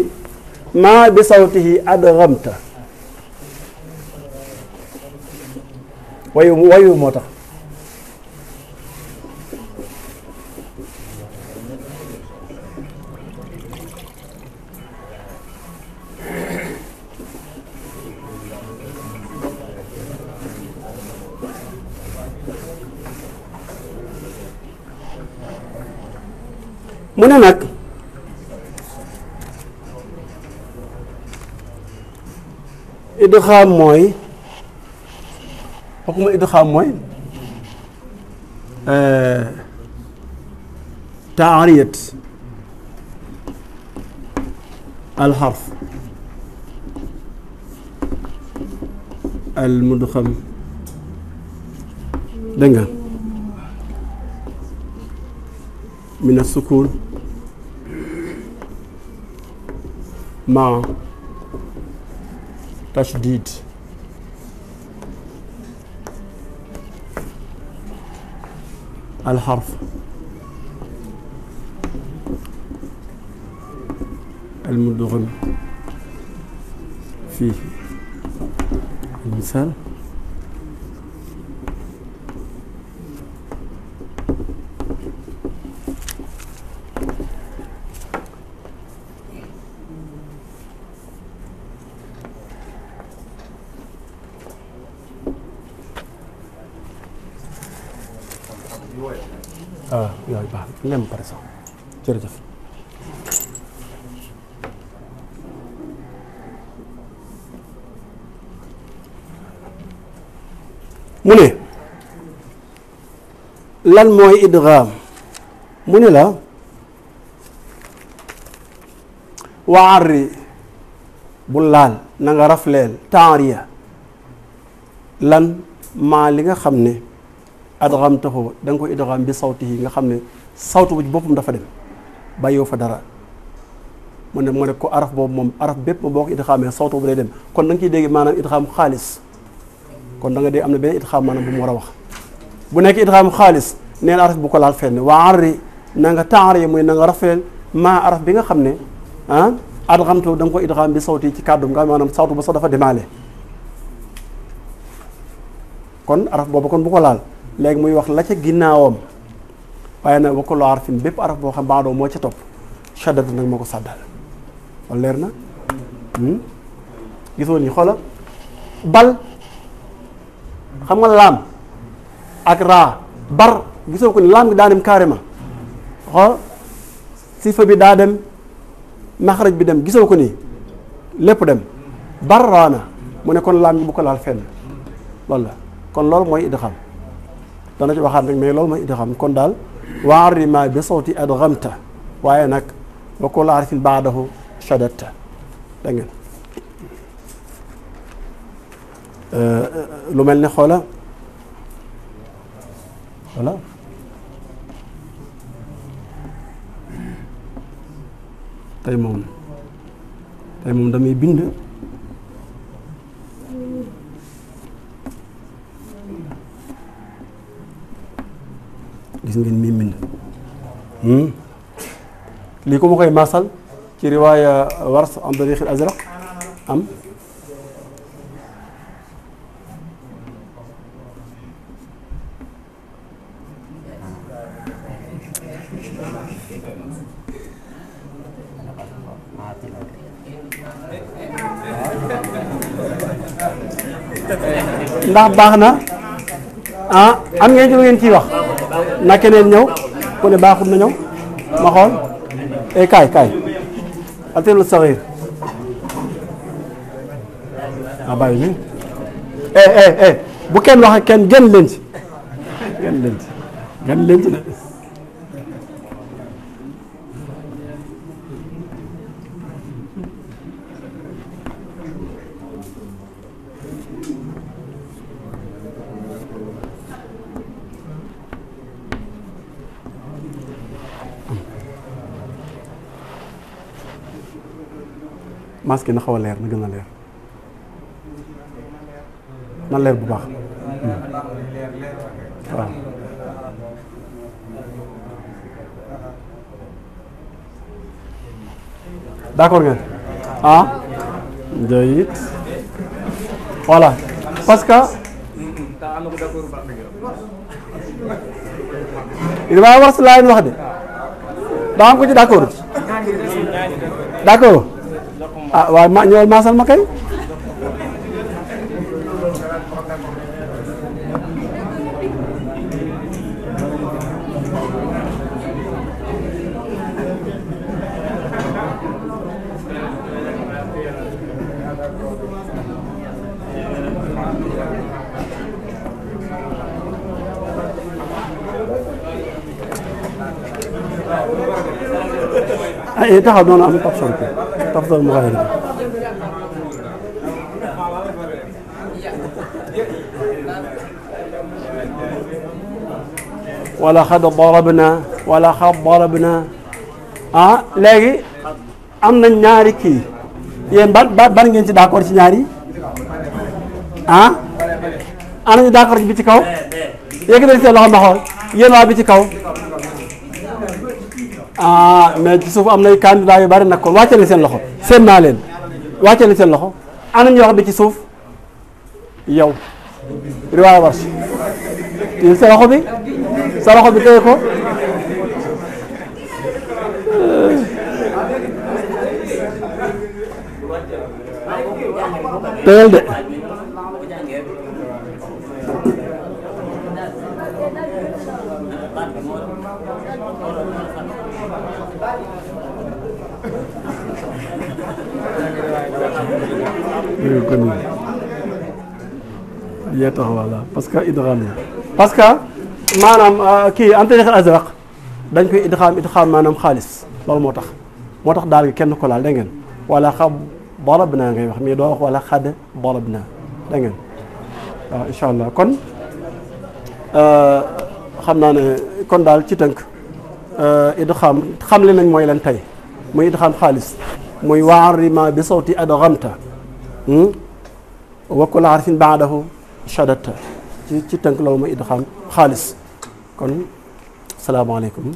ما بصوته أدغمت ويو ويو موتخ mu ne nag idxaam mooy xukuma idxaam mooy euh, taariyat alxarf almudxam dégg من السكون مع تشديد الحرف المدغم فيه المثال mu ne lan mooy idgham mu ne la waarri bu laal na nga rafleel taariya lan maa li nga xam ne adramtahu da danga koy idram bi sawti yi nga xam ne sawtu ci boppam dafa dem bàyyiwoo fa dara mu ne mu ne ko araf boobu moom araf bépp boo ko idxaamee sawtu bu day dem kon da nga ciy dégg maanaam idxaam xaalis kon da am na benn idxaam maanaam war a wax bu nekk idxaam xaalis neen araf bu ko laal fenn waa arri na nga taari muy na nga rafeel maa araf bi nga xam ne ah adramtahu da nga ko idxaam bi sawti ci kàddu nga maanaam sawtu ba sax dafa demaale kon araf boobu kon bu ko laal léegi muy wax la ca ginnaawam waaye nag wakkuloo arfin bépp araf boo xam baadoo moo ca topp shaddat nag moo ko sàddal wala leer na hmm? gisoon yi xoola bal xam nga laam ak raa bar gisoo ko ni laam gi daa dem carrément xool sifa bi daa dem maxraj bi dem gisoo ko ni lépp dem bar raana mu ne kon laam gi bu ko laal fenn loolu la kon loolu mooy idxal dana ci waxaat rek mais loolu mooy idgham kon daal waarima bi sawti adghamta waaye nag wa kullu harfin ba'dahu shaddatta dégg ngeen lu mel ni xoola voilà tey moom tey moom damay bind gis ngeen mi mbind hmm? lii ko ma koy maasal ci riwaaya wars am tariqil azraq ndax baax na ah am ngeen ci lu ngeen ciy wax na keneen ñëw ku ne baaxut na ñëw ma xool e kaay kaay atel saxir a ah, bàyyi ni eh eh eh bu kenn wax kenn gën leen ci gën leen ci gën ci masque yi na xaw leer na gën a leer na leer bu baax waaw d'accord ah doyit voilà parce que dama war laa leen wax de daa am ko ci d'accord d'accord ah waaw ma ñëwal maasal ma kay li taxaw noonu am Pape Sonko Pape Sonko mu xëy na. wala xad darabna wala xad darabna ah léegi am na ñaari kii yéen ban ban ngeen ci d'accord ci ñaari ah am nañu d'accord bi ci kaw yéegi dañ seen loxo ma xool yéen waa bi ci kaw ah mais ci suuf am nay candidat yu bari nag kon wàcce leen seen loxo seen naa leen wàcce leen seen loxo ana ñoo xam ne ci suuf yow riwaay war si téye sa loxo bi sa loxo bi téye ko de que connu. yaa tax voilà parce que idgham la parce que maanaam euh, kii an tariq al dañ koy idgham idgham maanaam xaalis loolu moo tax moo tax daal gi kenn ko laal da ngeen wala xam barab naa ngay wax mais doo wax wala naa da ngeen waaw incha allah kon euh, xam naa kon daal ci tënk euh, idgham xamle nañ mooy lan tey muy idgham xaalis muy waarima bi sawti adghamta Hmm? wakkul harfin baadahu shadata ci ci tënk la ma idxaam xaalis kon salaamaaleykum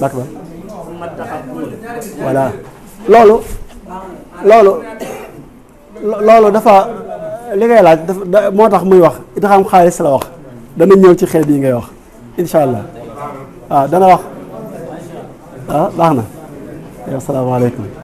bak hmm, ba voilà loolu loolu loolu dafa li ngay laaj dafa moo tax muy wax idxaam xaalis la wax dana ñëw ci xeet bii ngay wax insha allah waaw ah, dana wax ah baax na asalaamaaleykum